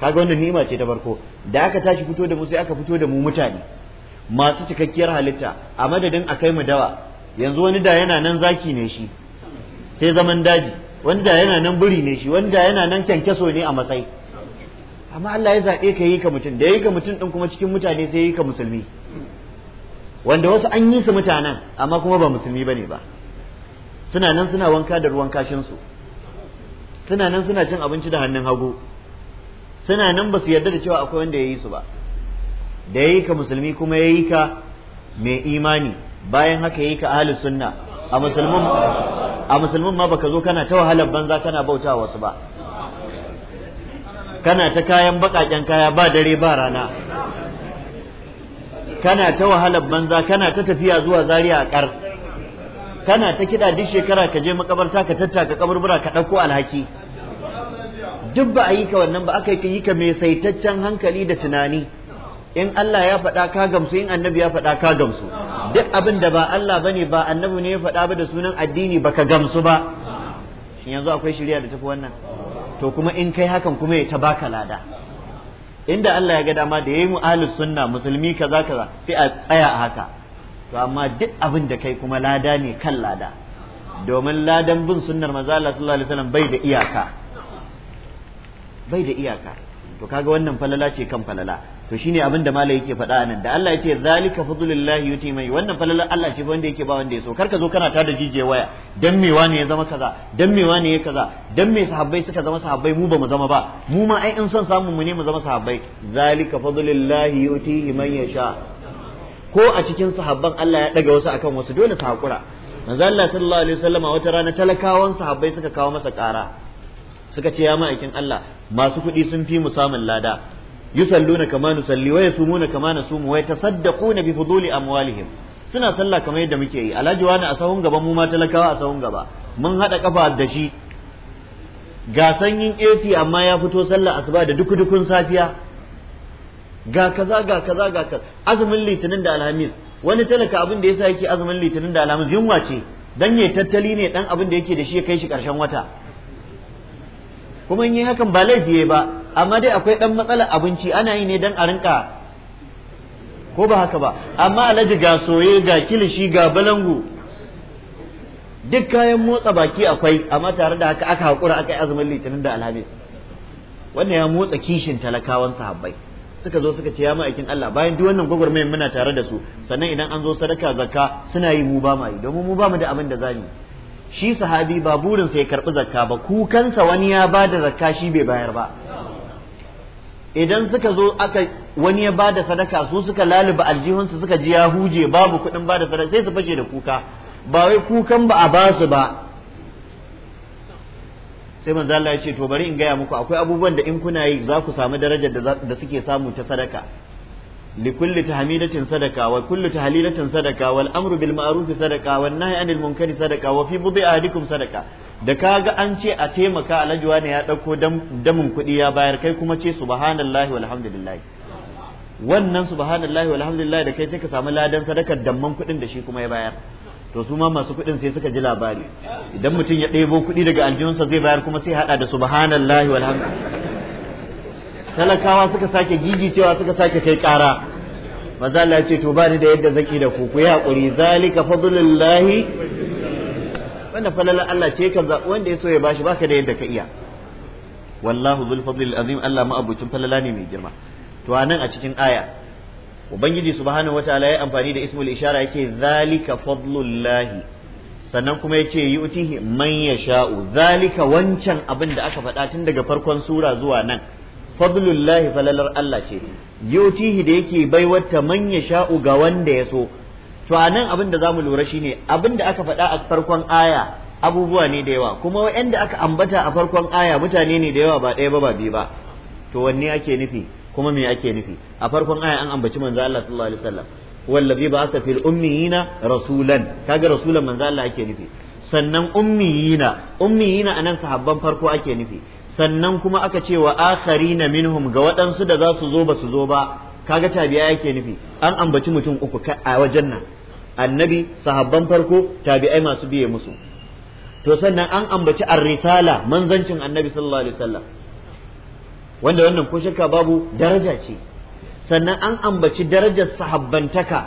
S1: kaga wannan ni'ima ce ta farko da aka tashi fito da mu sai aka fito da mu mutane masu cikakkiyar halitta a madadin a kai mu dawa yanzu wani da yana nan zaki ne shi sai zaman daji wani da yana nan buri ne shi wani da yana nan kyankyaso ne a matsayi amma Allah ya zaɓe ka yi ka mutum da yi ka mutum ɗin kuma cikin mutane sai yi ka musulmi wanda wasu an yi su mutanen amma kuma ba musulmi bane ba suna nan suna wanka da ruwan kashinsu suna nan suna cin abinci da hannun hagu suna nan ba su yarda da cewa akwai wanda ya yi su ba da ya yi ka musulmi kuma ya yi ka mai imani bayan haka ya yi ka ahalus sunna a musulmin a musulmin ma baka zo kana ta wahalar banza kana bauta wasu ba
S3: kana ta kayan baƙaƙen kaya ba dare ba rana kana ta wahalar
S1: banza kana ta tafiya zuwa zaria a ƙar kana ta kiɗa duk shekara ka je makabarta ka tattaka kaburbura ka ɗauko alhaki duk ba a yi ka wannan ba aka yi ka mai saitaccen hankali da tunani in Allah ya faɗa ka gamsu in annabi ya faɗa ka gamsu duk abin da ba Allah bane ba annabi ne ya faɗa ba da sunan addini baka gamsu ba shin yanzu akwai shirya da tafi wannan to kuma in kai hakan kuma ya ta baka lada inda Allah ya ga dama da yayi mu ahlus sunna musulmi kaza kaza sai a tsaya a haka to amma duk abin da kai kuma lada ne kan lada domin ladan bin sunnar maza Allah sallallahu alaihi wasallam bai da iyaka bai da iyaka to kaga wannan falala ce kan falala to shine abin da malai yake faɗa nan da Allah yake zalika fadlullahi yuti mai wannan falala Allah ce wanda yake ba wanda ya so karka zo kana tada jije waya dan me wani ya zama kaza dan me wani ya kaza dan me sahabbai suka zama sahabbai mu ba mu zama ba mu ma ai in son samu mu ne mu zama sahabbai zalika fadlullahi yuti man yasha ko a cikin sahabban Allah ya daga wasu akan wasu dole su hakura manzo Allah sallallahu alaihi wasallam wata rana talakawan sahabbai suka kawo masa ƙara suka ce ya ma aikin Allah masu kuɗi sun fi mu samun lada yusalluna kama nusalli wa yasumuna kama nasumu wa yatasaddaquna bi fuduli amwalihim suna sallah kamar yadda muke yi alhaji wani a sahun gaba mu ma talakawa a sahun gaba mun haɗa kafa da shi ga sanyin AC amma ya fito sallah asuba da dukudukun safiya ga kaza ga kaza ga kaza azumin litinin da alhamis wani talaka abin da yasa yake azumin litinin da alhamis yunwa ce dan yayi tattali ne dan abin da yake da shi ya kai shi karshen wata kuma in yi hakan ba laifi ba amma dai akwai dan matsala abinci ana yi ne dan a rinka ko ba haka ba amma alaji ga soye ga kilishi ga balangu duk kayan motsa baki akwai amma tare da haka aka hakura aka yi azumin litinin da alhamis wannan ya motsa kishin talakawan sahabbai suka zo suka ce ya ma'aikin Allah bayan duk wannan gwagwarmayar muna tare da su sannan idan an zo sadaka zakka suna yi mu ba ma yi domin mu ba mu da abin da zani shi sahabi ba burin sa ya karbi zakka ba kukansa wani ya ba da zakka shi bai bayar ba idan suka zo aka wani ya ba da sadaka su suka laluba aljihunsu suka ji ya huje babu kuɗin ba da sadaka sai su fashe da kuka ba wai kukan ba a basu ba sai manzo Allah ya ce to bari in gaya muku akwai abubuwan da in kuna yi za ku samu darajar da suke samu ta sadaka kulli tahmidatin sadaka wa kulli tahlilatin sadaka wal amru bil ma'ruf sadaka wan nahyi anil munkari sadaka wa fi budi ahadikum sadaka da kaga an ce a taimaka alajuwa ne ya dauko damin kuɗi ya bayar kai kuma ce subhanallahi walhamdulillah wannan subhanallahi walhamdulillah da kai sai ka samu ladan sadakar damman kuɗin da shi kuma ya bayar to su ma masu kuɗin sai suka ji labari idan mutum ya ɗebo kuɗi daga aljihunsa zai bayar kuma sai haɗa da subhanallahi walhamdu talakawa suka sake gigicewa suka sake kai ƙara maza Allah ce to bani da yadda zaki da ku ku yi haƙuri zalika fadlullahi Wanda falala Allah ce ka wanda ya so ya bashi baka da yadda ka iya wallahu zul fadlil azim Allah ma abucin falala ne mai girma to anan a cikin aya ubangiji subhanahu ta'ala ya amfani da ismul ishara yake zalika fadlullahi sannan kuma yace yu'tihi man yasha'u zalika wancan abin da aka faɗa tun daga farkon sura zuwa nan fadlullahi falalar Allah ce yu'tihi da yake baiwata man yasha'u ga wanda ya so to anan abin da zamu lura shine abin da aka faɗa a farkon aya abubuwa ne da yawa kuma waɗanda aka ambata a farkon aya mutane ne da yawa ba ɗaya ba ba biyu ba to wanne ake nufi kuma me ake nufi a farkon aya an ambaci manzo Allah sallallahu alaihi wasallam wallazi ba'atha fil ummiyina rasulan kaga rasulan manzo Allah ake nufi sannan ummiyina ummiyina anan sahabban farko ake nufi sannan kuma aka ce wa akharina minhum ga waɗansu da za su zo ba su zo ba kaga tabi'a yake nufi an ambaci mutum uku a wajen nan annabi sahabban farko tabi'ai masu biye musu to sannan an ambaci ar-risala manzancin annabi sallallahu alaihi wasallam wanda wannan ko shakka babu daraja ce sannan an ambaci darajar sahabbantaka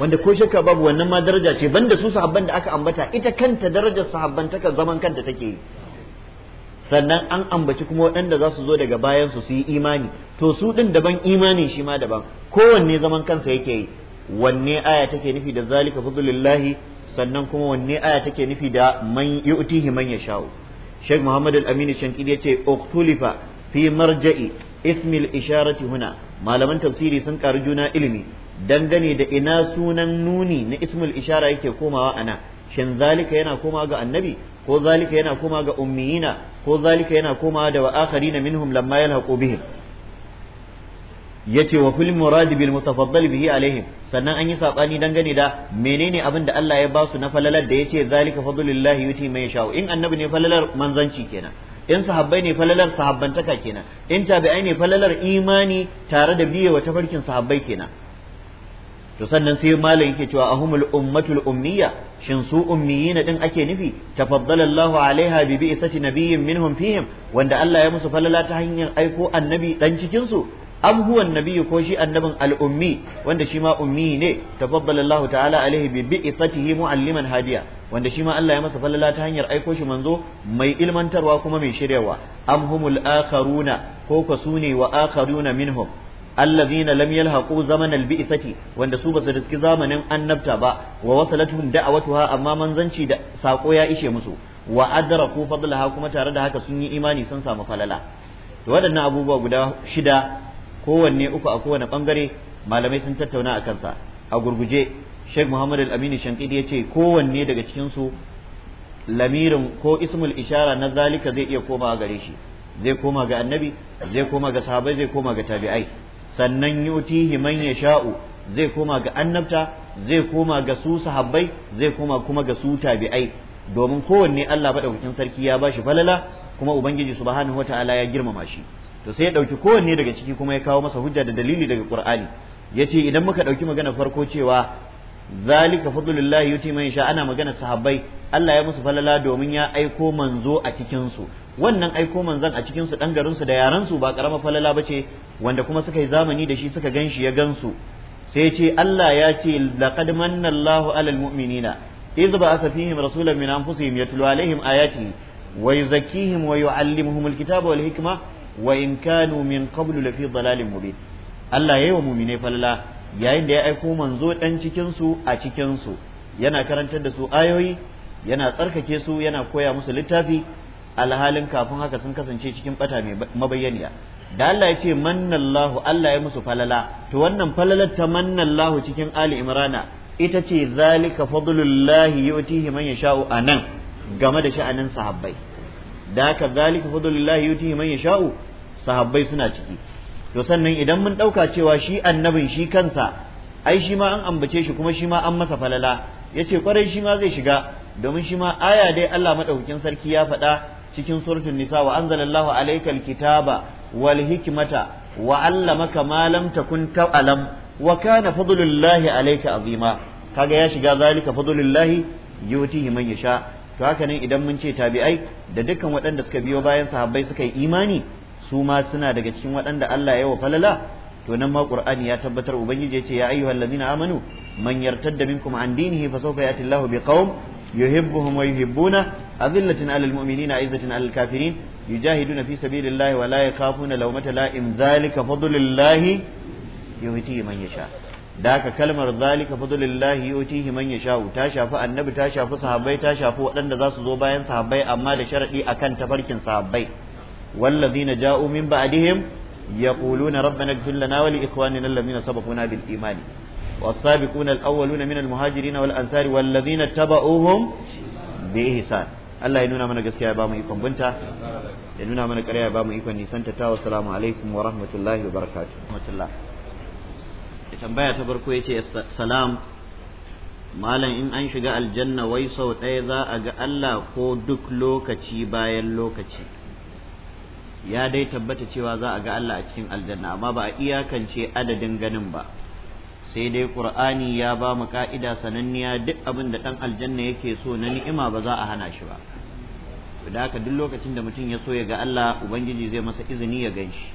S1: wanda ko shakka babu wannan ma daraja ce banda su sahabban da aka ambata ita kanta darajar sahabbantaka zaman kanta take yi sannan an ambaci kuma waɗanda za su zo daga bayan su su yi imani to su ɗin daban imanin shi ma daban kowanne zaman kansa yake yi wanne aya take nufi da zalika fadlullahi sannan kuma wanne aya take nufi da man yu'tihi man yasha'u Sheikh Muhammad Al-Amin Shankidi yace uktulifa fi marja'i ismil isharati huna malaman tafsiri sun karu juna ilimi dangane da ina sunan nuni na ismul ishara yake komawa ana shin zalika yana komawa ga annabi ko zalika yana komawa ga ummiyina ko zalika yana komawa da na minhum lamma yalhaqu bihim yace wa fil murad bil mutafaddal bihi alaihim sannan an yi sabani dangane da menene abin da Allah ya basu na falalar da yace zalika fadlullahi yuti mai sha'u in annabi ne falalar manzanci kenan in sahabbai ne falalar sahabbantaka kenan in tabi'ai ne falalar imani tare da biyewa tafarkin sahabbai kenan to sannan sai malam yake cewa ahumul ummatul ummiya shin su ummiyina din ake nufi tafaddala Allahu alaiha bi bi'sati nabiyyin minhum fihim wanda Allah ya musu falala ta hanyar aiko annabi dan cikin su am huwa ko shi annabin al'ummi wanda shi ma ummi ne tafaddala Allah ta'ala alaihi bi bi'ithatihi mu'alliman hadiya wanda shi ma Allah ya masa falala ta hanyar aiko shi manzo mai ilmantarwa kuma mai shiryawa am humul akharuna ko ka sune wa akharuna minhum allazina lam yalhaqu zaman al-bi'thati wanda su basu riski zamanin annabta ba wa wasalatuhum da'awatuha amma manzanci da sako ya ishe musu wa adraku fadlaha kuma tare da haka sun yi imani sun samu falala waɗannan abubuwa guda shida kowanne uku a kowane bangare malamai sun tattauna a kansa a gurguje Sheikh Muhammad Al-Amini Shankidi ya ce kowanne daga cikin su lamirin ko ismul ishara na zalika zai iya koma gare shi zai koma ga annabi zai koma ga sahabbai zai koma ga tabi'ai sannan yutihi man yasha'u zai koma ga annabta zai koma ga su sahabbai zai koma kuma ga su tabi'ai domin kowanne Allah madaukakin sarki ya bashi falala kuma ubangiji subhanahu wata'ala ya girmama shi to sai ya dauki kowanne daga ciki kuma ya kawo masa hujja da dalili daga qur'ani yace idan muka dauki magana farko cewa zalika fadlullahi yuti man sha ana magana sahabbai Allah ya musu falala domin ya aiko manzo a cikin su wannan aiko manzon a cikin su dan garin su da yaran su ba karama falala bace wanda kuma suka yi zamani da shi suka ganshi ya gansu sai ce Allah ya ce laqad manna Allahu alal mu'minina idh ba'atha fihim rasulan min anfusihim yatlu alaihim ayatihi wa yuzakkihim wa yu'allimuhum alkitaba wal hikma wa in kanu min qablu lafi dalalin mubin Allah yayi wa mu'mine falala yayin da ya aiko manzo dan cikin su a cikin su yana karantar da su ayoyi yana tsarkake su yana koya musu littafi alhalin kafin haka sun kasance cikin bata mai mabayyaniya da Allah ya ce mannallahu Allah ya musu falala to wannan falalar ta mannallahu cikin Ali Imrana ita ce zalika fadlullahi yu'tihi man yasha'u anan game da sha'anin sahabbai da haka zalika fadlullahi yutihi man yasha'u sahabbai suna ciki to sannan idan mun ɗauka cewa shi annabin shi kansa ai shi ma an ambace shi kuma shi ma an masa falala yace kwarai shi ma zai shiga domin shi ma aya dai Allah madaukakin sarki ya faɗa cikin suratul nisa wa anzalallahu alaykal kitaba wal hikmata wa allamaka ma lam takun ta'lam wa kana fadlullahi alayka azima kaga ya shiga zalika fadlullahi yutihi man yasha to haka nan idan mun ce tabi'ai da dukkan waɗanda suka biyo bayan sahabbai suka yi imani su ma suna daga cikin waɗanda Allah ya wa falala to nan ma qur'ani ya tabbatar ubangiji ya ce ya ayyuhal ladina amanu man yartadda minkum an dinihi fa sawfa yati Allahu biqaum yuhibbuhum wa yuhibbuna adillatin alal mu'minina izzatin alal kafirin yujahiduna fi sabilillahi wa la yakhafuna lawmata la'im zalika fadlullahi yuhtihi man yasha' da haka kalmar zalika fadlullahi yutihi man yasha'u ta shafi annabi ta shafi sahabbai ta shafi waɗanda za su zo bayan sahabbai amma da sharadi akan tafarkin sahabbai wallazina ja'u min ba'dihim yaquluna rabbana ighfir lana wa li ikhwanina alladhina sabaquna bil iman والسابقون الأولون من المهاجرين والأنصار والذين اتبعوهم بإحسان الله ينونا من gaskiya ya bamu ikon binta ya nuna mana ƙarya ya bamu ikon nisanta ta wa salamu alaikum wa rahmatullahi wa ya tambaya ta barko ya ce salam malam in an shiga aljanna wai sau ɗaya za a ga Allah ko duk lokaci bayan lokaci ya dai tabbata cewa za a ga Allah a cikin aljanna amma ba a iyakance adadin ganin ba sai dai ƙur'ani ya ba mu ka'ida sananniya duk abin da ɗan aljanna yake so na ni'ima ba za a hana shi ba da haka duk lokacin da mutum ya so ya ga Allah ubangiji zai masa izini ya ganshi.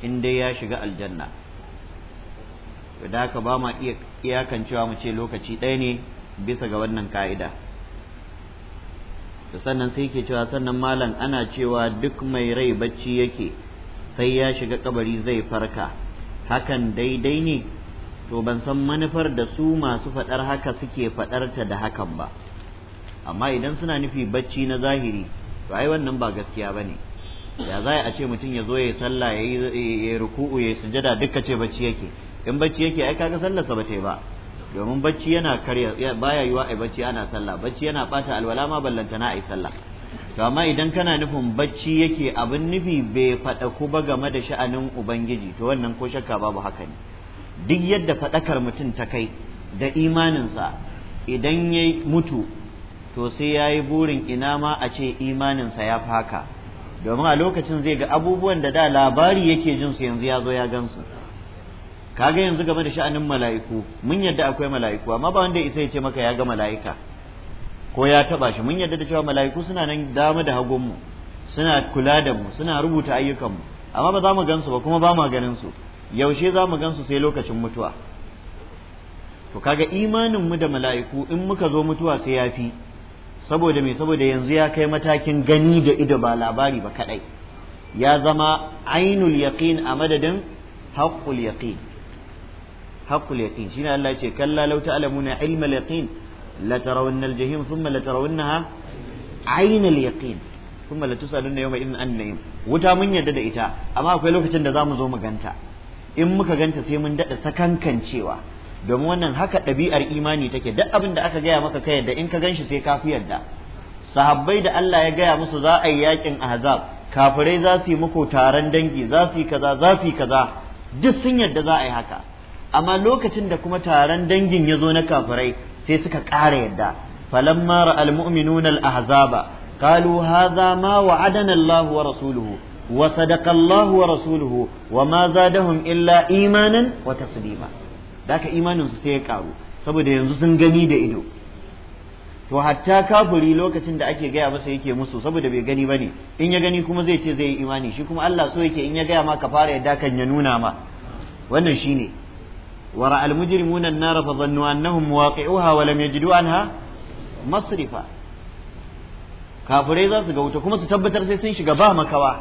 S1: in dai ya shiga aljanna da haka ba ma iya iyakancewa mu ce lokaci ɗaya ne bisa ga wannan ka'ida da sannan sai ke cewa sannan malam ana cewa duk mai rai bacci yake sai ya shiga kabari zai farka hakan daidai ne to ban san manufar da su masu faɗar haka suke faɗarta da hakan ba amma idan suna nufi bacci na zahiri to ai wannan ba gaskiya ba ne. ya za a ce mutum ya zo ya yi sallah ya yi ruku'u ya yi sujada duka ce bacci yake in bacci yake ai kaga sallarsa ba ta ba domin bacci yana karya baya yiwa ai bacci ana sallah bacci yana bata alwala ma ballanta na ai sallah to amma idan kana nufin bacci yake abin nufi bai faɗa ku ba game da sha'anin ubangiji to wannan ko shakka babu haka ne duk yadda faɗakar mutum ta kai da imaninsa idan ya mutu to sai ya yi burin ina ma a ce imaninsa ya faka domin a lokacin zai ga abubuwan da da labari yake jin su yanzu ya zo ya gansu kaga yanzu game da sha'anin mala'iku mun yadda akwai mala'iku amma ba wanda isa ya ce maka ya ga mala'ika ko ya taba shi mun yadda da cewa mala'iku suna nan dama da hagun mu suna kula da mu suna rubuta ayyukan mu amma ba za mu gansu ba kuma ba mu ganin su yaushe za mu gansu sai lokacin mutuwa to kaga imanin mu da mala'iku in muka zo mutuwa sai ya fi saboda me saboda yanzu ya kai matakin gani da ido ba labari ba kadai ya zama ainul yaqin a madadin haqqul yaqin haqqul yaqin shine Allah ce kalla law ta'lamuna ilma al-yaqin la tarawunna al thumma la tarawunnaha ayn yaqin thumma la tusaluna yawma idin an na'im wuta mun yadda da ita amma akwai lokacin da zamu zo mu ganta in muka ganta sai mun dada sakankancewa domin wannan haka ɗabi'ar imani take duk abin da aka gaya maka ka yadda in ka ganshi sai ka fi yadda sahabbai da Allah ya gaya musu za a yi yakin ahzab kafirai za su yi muku taron dangi za su yi kaza za su yi kaza duk sun yadda za a yi haka amma lokacin da kuma taron dangin ya zo na kafirai sai suka ƙara yadda falamma ra'al mu'minuna al-ahzaba sadaqa هذا wa rasuluhu wa ma zadahum illa imanan wa زادهم daka imanin su sai ya karu saboda yanzu sun gani da ido to hatta kafiri lokacin da ake gaya masa yake musu saboda bai gani bane in ya gani kuma zai ce zai yi imani shi kuma Allah so yake in ya gaya ma ka fara yadda kan ya nuna ma wannan shine ورأى المجرمون النار فظنوا أنهم واقعوها ولم يجدوا عنها مصرفا kafirai za su ga kuma su tabbatar sai sun shiga ba makawa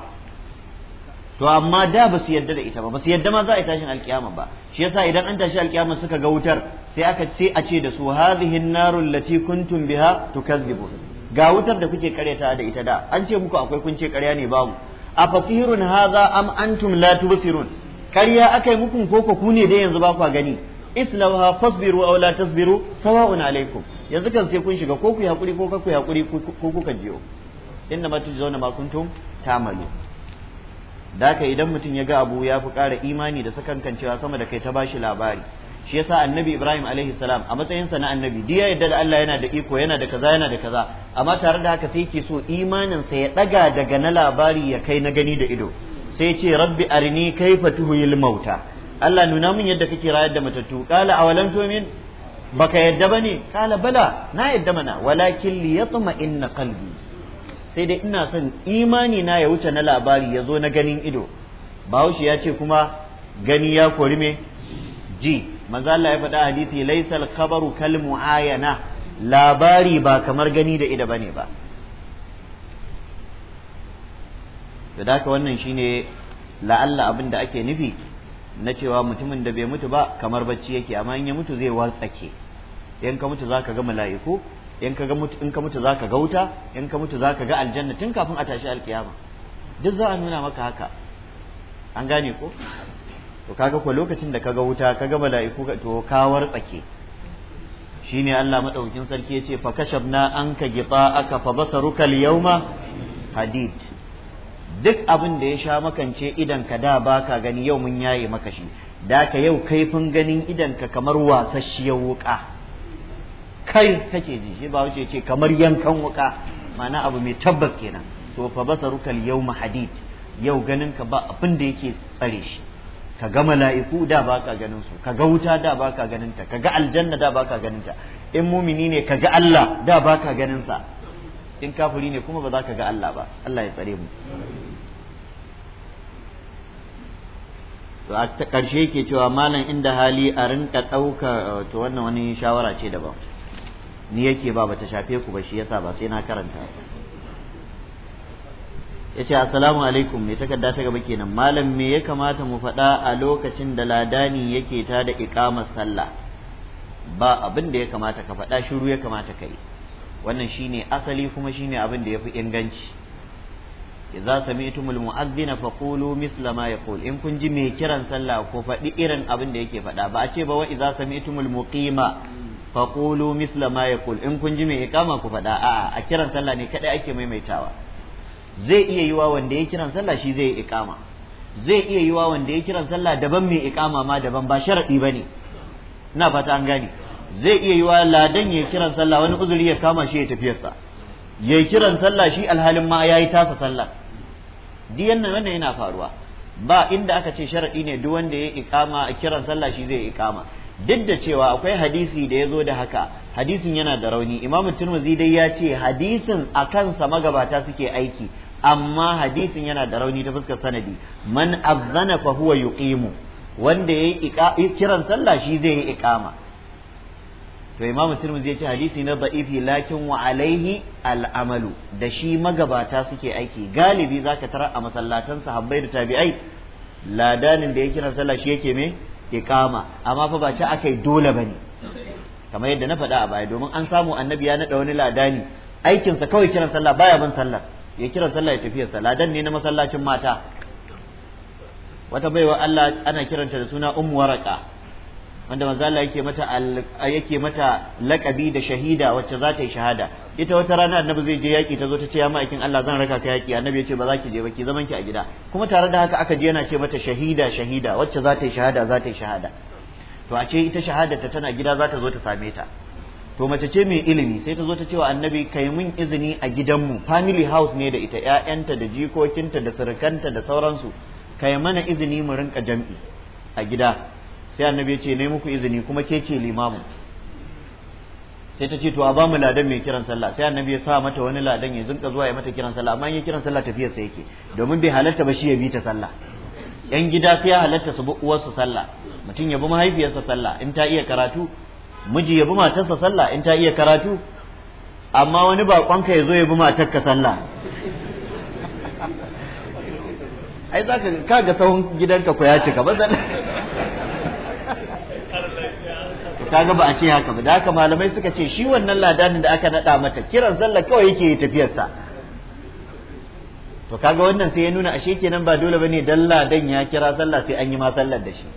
S1: to amma da ba su yadda da ita ba ba su yadda ma za a yi tashin ba shi yasa idan an tashi alkiyama suka ga wutar sai aka ce a ce da su hadhihi narul lati kuntum biha tukazzibun ga wutar da kuke karyata da ita da an ce muku akwai kun ce karya ne babu a fasihirun hadha am antum la tubsirun ƙarya aka yi hukun koko ku ne dai yanzu ba kwa gani islauha fasbiru aw la tasbiru sawa'un alaikum yanzu kan sai kun shiga ko ku hakuri ko ka ko kuka jiyo inna ma tujzauna ma kuntum tamalu daka idan mutum ya ga abu ya fi ƙara imani da kan cewa sama da kai ta bashi labari shi yasa annabi Ibrahim alaihi salam a matsayinsa na annabi diya yadda da Allah yana da iko yana da kaza yana da kaza amma tare da haka sai ke so imaninsa ya ɗaga daga na labari ya kai na gani da ido sai ce rabbi arini kaifa tuhuyil mauta Allah nuna min yadda kake rayar da matattu qala awalam tu'min baka yadda bane qala bala na yadda mana walakin liyatma inna qalbi sai dai ina son imani na ya wuce na labari ya zo na ganin ido bahaushe ya ce kuma gani ya kori me ji manzo Allah ya faɗa hadisi laysal khabaru kal muayana labari ba kamar gani da ido bane ba da haka wannan shine la'alla abin da ake nufi na cewa mutumin da bai mutu ba kamar bacci yake amma in ya mutu zai wartsake in ka mutu zaka ga mala'iku in ka mutu in ka mutu zaka ga wuta in ka mutu zaka ga aljanna tun kafin a tashi alkiyama duk za a nuna maka haka an gane ko to kaga ko lokacin da kaga wuta kaga mala'iku to ka wartsake shine Allah maɗaukin sarki yace fa kashabna anka gita'aka fa basaruka al-yawma hadid duk abin da ya sha makance idan ka da ba ka gani yau mun yaye maka shi da ka yau kaifin ganin idan ka kamar wasasshiyar wuka kai kake ji shi ba wuce ce kamar yankan wuka mana abu mai tabbas kenan to fa basaruka yau yawma hadid yau ganin ka ba abin da yake tsare shi ka ga mala'iku da ba ka ganin su ka ga wuta da ba ka ganin ta ka ga aljanna da ba ka ganin ta in mumini ne ka ga Allah da ba ka ganin sa in kafiri ne kuma ba za ka ga Allah ba Allah ya tsare mu to a ta ƙarshe yake cewa malam inda hali a rinka ɗauka to wannan wani shawara ce daban ni yake ba bata shafe ku ba shi yasa ba sai na karanta ya ce assalamu alaikum mai takarda ta gaba kenan malam me ya kamata mu faɗa a lokacin da ladani yake ta da iƙamar sallah ba abin da ya kamata ka faɗa shiru ya kamata ka yi wannan shine asali kuma shine abin da ya fi inganci idza sami'tumul mu'adhdhina faqulu misla ma yaqul in kun ji mai kiran sallah ko faɗi irin abin da yake faɗa ba a ce ba wa idza sami'tumul muqima faqulu misla ma yaqul in kun ji mai iqama ku faɗa a'a a kiran sallah ne kadai ake maimaitawa zai iya yiwa wanda ya kiran sallah shi zai iqama zai iya yiwa wanda ya kiran sallah daban mai iqama ma daban ba sharadi bane ina fata an gani. zai iya yiwa ladan ya kiran sallah wani uzuri ya kama shi ya tafiyarsa ya kiran sallah shi alhalin ma ya yi tasa sallah diyan nan wannan yana faruwa ba inda aka ce sharadi ne duk wanda ya ikama kiran sallah shi zai ikama duk da cewa akwai hadisi da ya zo da haka hadisin yana da rauni imamu tirmidhi dai ya ce hadisin a kansa magabata suke aiki amma hadisin yana da rauni ta fuskar sanadi man azzana fa huwa yuqimu wanda yayi kiran sallah shi zai yi ikama. to imamu zai yace hadisi na da'ifi lakin wa alaihi al'amalu da shi magabata suke aiki galibi zaka tara a masallatan sahabbai da tabi'ai ladanin da ya kira sallah shi yake me iqama amma fa ba ta akai dole bane kamar yadda na faɗa a baya domin an samu annabi ya naɗa wani ladani aikinsa kawai kiran sallah baya ban sallah ya kiran sallah ya tafi sa ladan ne na masallacin mata wata baiwa Allah ana kiranta da suna ummu waraka wanda manzo Allah yake mata yake mata lakabi da shahida wacce za ta yi shahada ita wata rana annabi zai je yaki ta zo ta ce ya ma'aikin Allah zan raka ka yaki annabi yace ba za ki je ba ki zaman ki a gida kuma tare da haka aka je yana ce mata shahida shahida wacce za ta yi shahada za ta yi shahada to a ce ita shahadarta tana gida za ta zo ta same ta to mace ce mai ilimi sai ta zo ta cewa annabi kai mun izini a gidanmu family house ne da ita ƴaƴanta da jikokinta da surukanta da sauransu kai mana izini mu rinka jam'i a gida sai annabi ya ce ne muku izini kuma ke ce Limamu. sai ta ce to a ba mu ladan mai kiran sallah sai annabi ya sa mata wani ladan ya zinka zuwa ya mata kiran sallah amma in ya kiran sallah tafiyar sa yake domin bai halatta ba shi ya bi ta sallah yan gida sai ya halatta su bi uwarsa sallah mutum ya bi mahaifiyarsa sallah in ta iya karatu miji ya bi matarsa sallah in ta iya karatu amma wani baƙonka ya zo ya bi matarka sallah ai za ka ga sahun gidanka ku ya cika ba
S3: kaga ba a ce haka ba da haka malamai
S1: suka ce shi wannan ladanin da aka naɗa mata kiran sallah kawai yake tafiyarsa to kaga wannan sai ya nuna ashe kenan ba dole bane dan ladan ya kira sallah sai an yi ma sallar da shi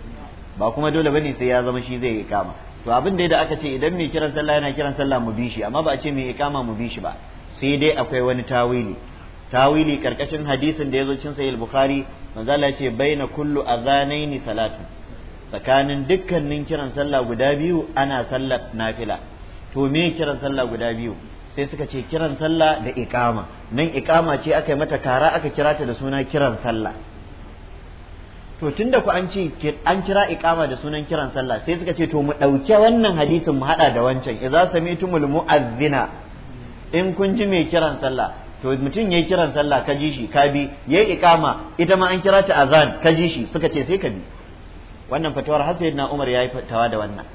S1: ba kuma dole bane sai ya zama shi zai yi kama to abin da aka ce idan mai kiran sallah yana kiran sallah mu bi shi amma ba a ce mai ikama mu bi shi ba sai dai akwai wani tawili tawili karkashin hadisin da ya zo cin sahih bukhari manzo Allah ya ce baina kullu azanaini salatu tsakanin dukkanin kiran sallah guda biyu ana sallar nafila to me kiran sallah guda biyu sai suka ce kiran sallah da iqama nan iqama ce aka yi mata kara aka kira ta da suna kiran sallah to tunda ku an ce an kira iqama da sunan kiran sallah sai suka ce to mu ɗauki wannan hadisin mu haɗa da wancan idza samitumul mu'azzina in kun ji mai kiran sallah to mutum yayi kiran sallah ka ji shi ka bi yayi iqama ita ma an kira ta azan ka ji shi suka ce sai ka bi wannan fatawar har sayyidina Umar ya yi fatawa da wannan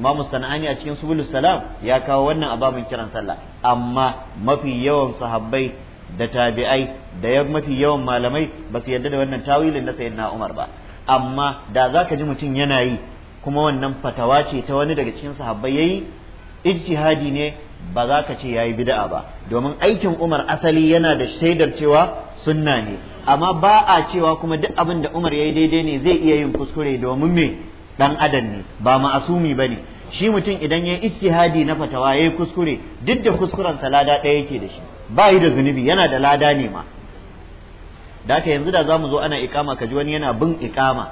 S1: imamu sana'ani a cikin Subulus Salam ya kawo wannan ababin kiran sallah amma mafi yawan sahabbai da tabi'ai da ya mafi yawan malamai ba su yarda da wannan tawilin na sayyidina Umar ba amma da za ka ji mutum yana yi kuma wannan fatawa ce ta wani daga cikin sahabbai yayi ijtihadi ne ba za ka ce ya yi bida'a ba domin aikin umar asali yana da shaidar cewa sunna ne amma ba a cewa kuma duk abin da Umar ya yi daidai ne zai iya yin kuskure domin me dan adam ne ba ma'asumi bane shi mutum idan ya yi ijtihadi na fatawa ya yi kuskure duk da kuskuren sa lada ɗaya yake da shi ba yi da zunubi yana da lada ne ma da haka yanzu da zamu zo ana ikama kaji wani yana bin ikama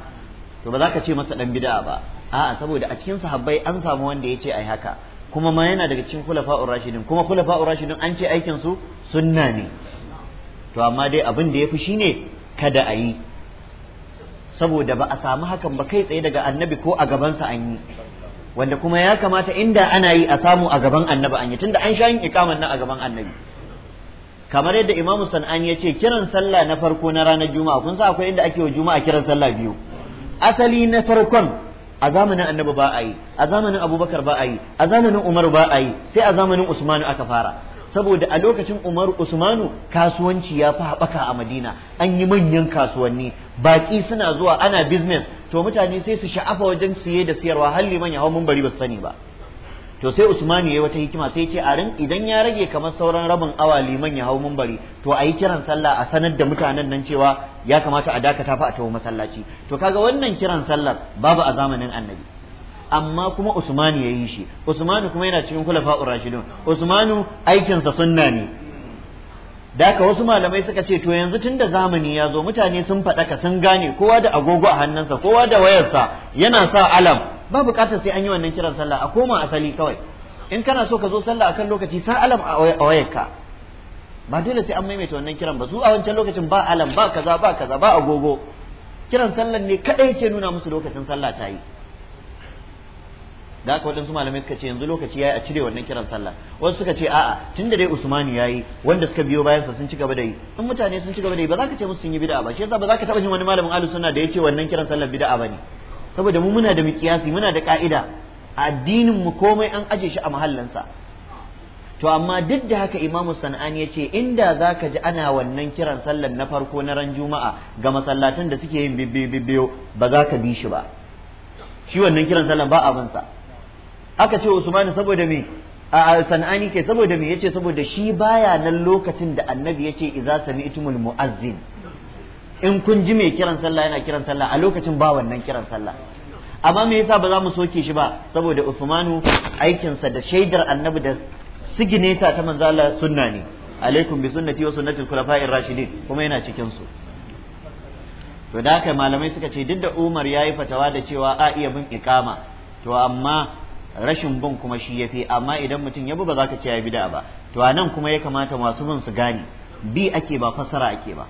S1: to ba za ka ce masa dan bid'a ba a'a saboda a cikin sahabbai an samu wanda ya yace ai haka kuma ma yana daga cikin khulafa'ur rashidin kuma khulafa'ur rashidin an ce aikin su sunna ne to amma dai abin da ya fi shi ne kada a yi saboda ba a samu hakan ba kai tsaye daga annabi ko a gabansa an yi wanda kuma ya kamata inda ana yi a samu a gaban annabi an yi tunda an sha yin ikaman nan a gaban annabi kamar yadda imamu san'ani ya ce kiran sallah na farko na ranar juma'a kun sa akwai inda ake wa juma'a kiran sallah biyu asali na farkon a zamanin annabi ba a yi a zamanin abubakar ba a yi a zamanin umar ba a yi sai a zamanin usmanu aka fara saboda a lokacin Umar Usmanu kasuwanci ya fi haɓaka a Madina an yi manyan kasuwanni baƙi suna zuwa ana business to mutane sai su sha'afa wajen siye da siyarwa har liman ya hau mun bari ba sani ba to sai Usmanu yayi wata hikima sai ce arin idan ya rage kamar sauran rabin awa liman ya hau mun bari to a yi kiran sallah a sanar da mutanen nan cewa ya kamata a dakata fa a taho masallaci to kaga wannan kiran sallar babu a zamanin Annabi amma kuma usmanu ya yi shi usmanu kuma yana cikin kulafa rashidun usmanu aikinsa sunna ne daka wasu malamai suka ce to yanzu tunda zamani ya zo mutane sun faɗaka sun gane kowa da agogo a hannunsa kowa da wayarsa yana sa alam ba buƙatar sai an yi wannan kiran sallah a koma asali kawai in kana so ka zo sallah akan lokaci sa alam a wayarka ba dole sai an maimaita wannan kiran ba su a wancan lokacin ba alam ba kaza ba kaza ba agogo kiran sallan ne kadai ke nuna musu lokacin sallah ta yi da haka waɗansu malamai suka ce yanzu lokaci yayi a cire wannan kiran sallah wasu suka ce a'a tunda dai Usmani yayi wanda suka biyo bayan sa sun ci gaba da yi in mutane sun ci gaba da yi ba za ka ce musu sun yi bid'a ba shi yasa ba za ka taba jin wani malamin ahlus sunna da yace wannan kiran sallah bid'a bane saboda mu muna da miqyasi muna da ka'ida a addinin mu komai an aje shi a mahallansa to amma duk da haka imamu sana'ani ya ce inda za ka ji ana wannan kiran sallar na farko na ran juma'a ga masallatan da suke yin bibbiyo ba za ka bi shi ba shi wannan kiran sallar ba abinsa aka ce usmanu saboda me a sanani kai saboda me yace saboda shi baya nan lokacin da annabi yace idza sami'tumul mu'azzin in kun ji mai kiran sallah yana kiran sallah a lokacin ba wannan kiran sallah amma me yasa ba za mu soke shi ba saboda usmanu aikinsa da shaidar annabi da sigineta ta manzo Allah sunna ne alaikum bi sunnati wa sunnati khulafair rashidin kuma yana cikin su to da haka malamai suka ce duk da Umar yayi fatawa da cewa a iya bin iqama to amma rashin bin kuma shi ya fi amma idan mutum ya bi ba za ka ce ya bid'a ba to a nan kuma ya kamata masu bin su gane bi ake ba fasara ake ba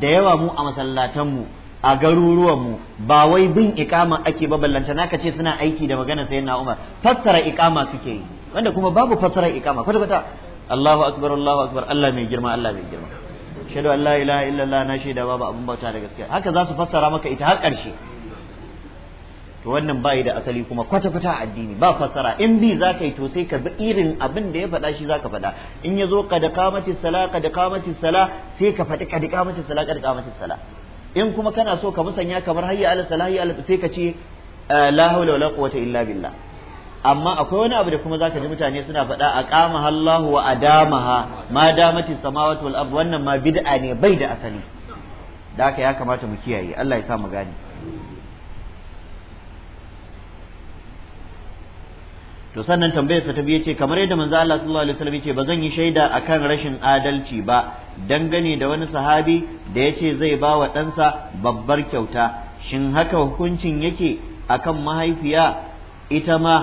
S1: da yawa mu a masallatanmu a garuruwanmu ba wai bin ikama ake ba ballanta naka ce suna aiki da magana sai na Umar fassara ikama suke yi wanda kuma babu fassara ikama kwata kwata Allahu akbar Allahu akbar Allah mai girma Allah mai girma shaidu an la ilaha illallah na shaida babu abun bauta da gaskiya haka za su fassara maka ita har ƙarshe to wannan bai da asali kuma kwata-kwata a addini ba fassara in bi za ka yi to sai ka bi irin abin da ya faɗa shi za ka faɗa in ya zo kada kamati sala kada kamati sala sai ka faɗi kada sala kada kamati sala in kuma kana so ka musanya kamar hayya ala sala hayya ala sai ka ce eh, la hawla wala quwwata illa billah amma akwai wani abu da kuma zaka ji mutane suna faɗa a qama Allahu wa adamaha ma damati samawati wal ard wannan ma bid'a ne bai da asali da haka ya kamata mu kiyaye Allah ya sa mu gane to sannan tambayar sa ta biye ce kamar yadda manzo Allah sallallahu alaihi wasallam yace bazan yi shaida akan rashin adalci ba dangane da wani sahabi da yace zai ba wa ɗansa babbar kyauta shin haka hukuncin yake akan mahaifiya ita ma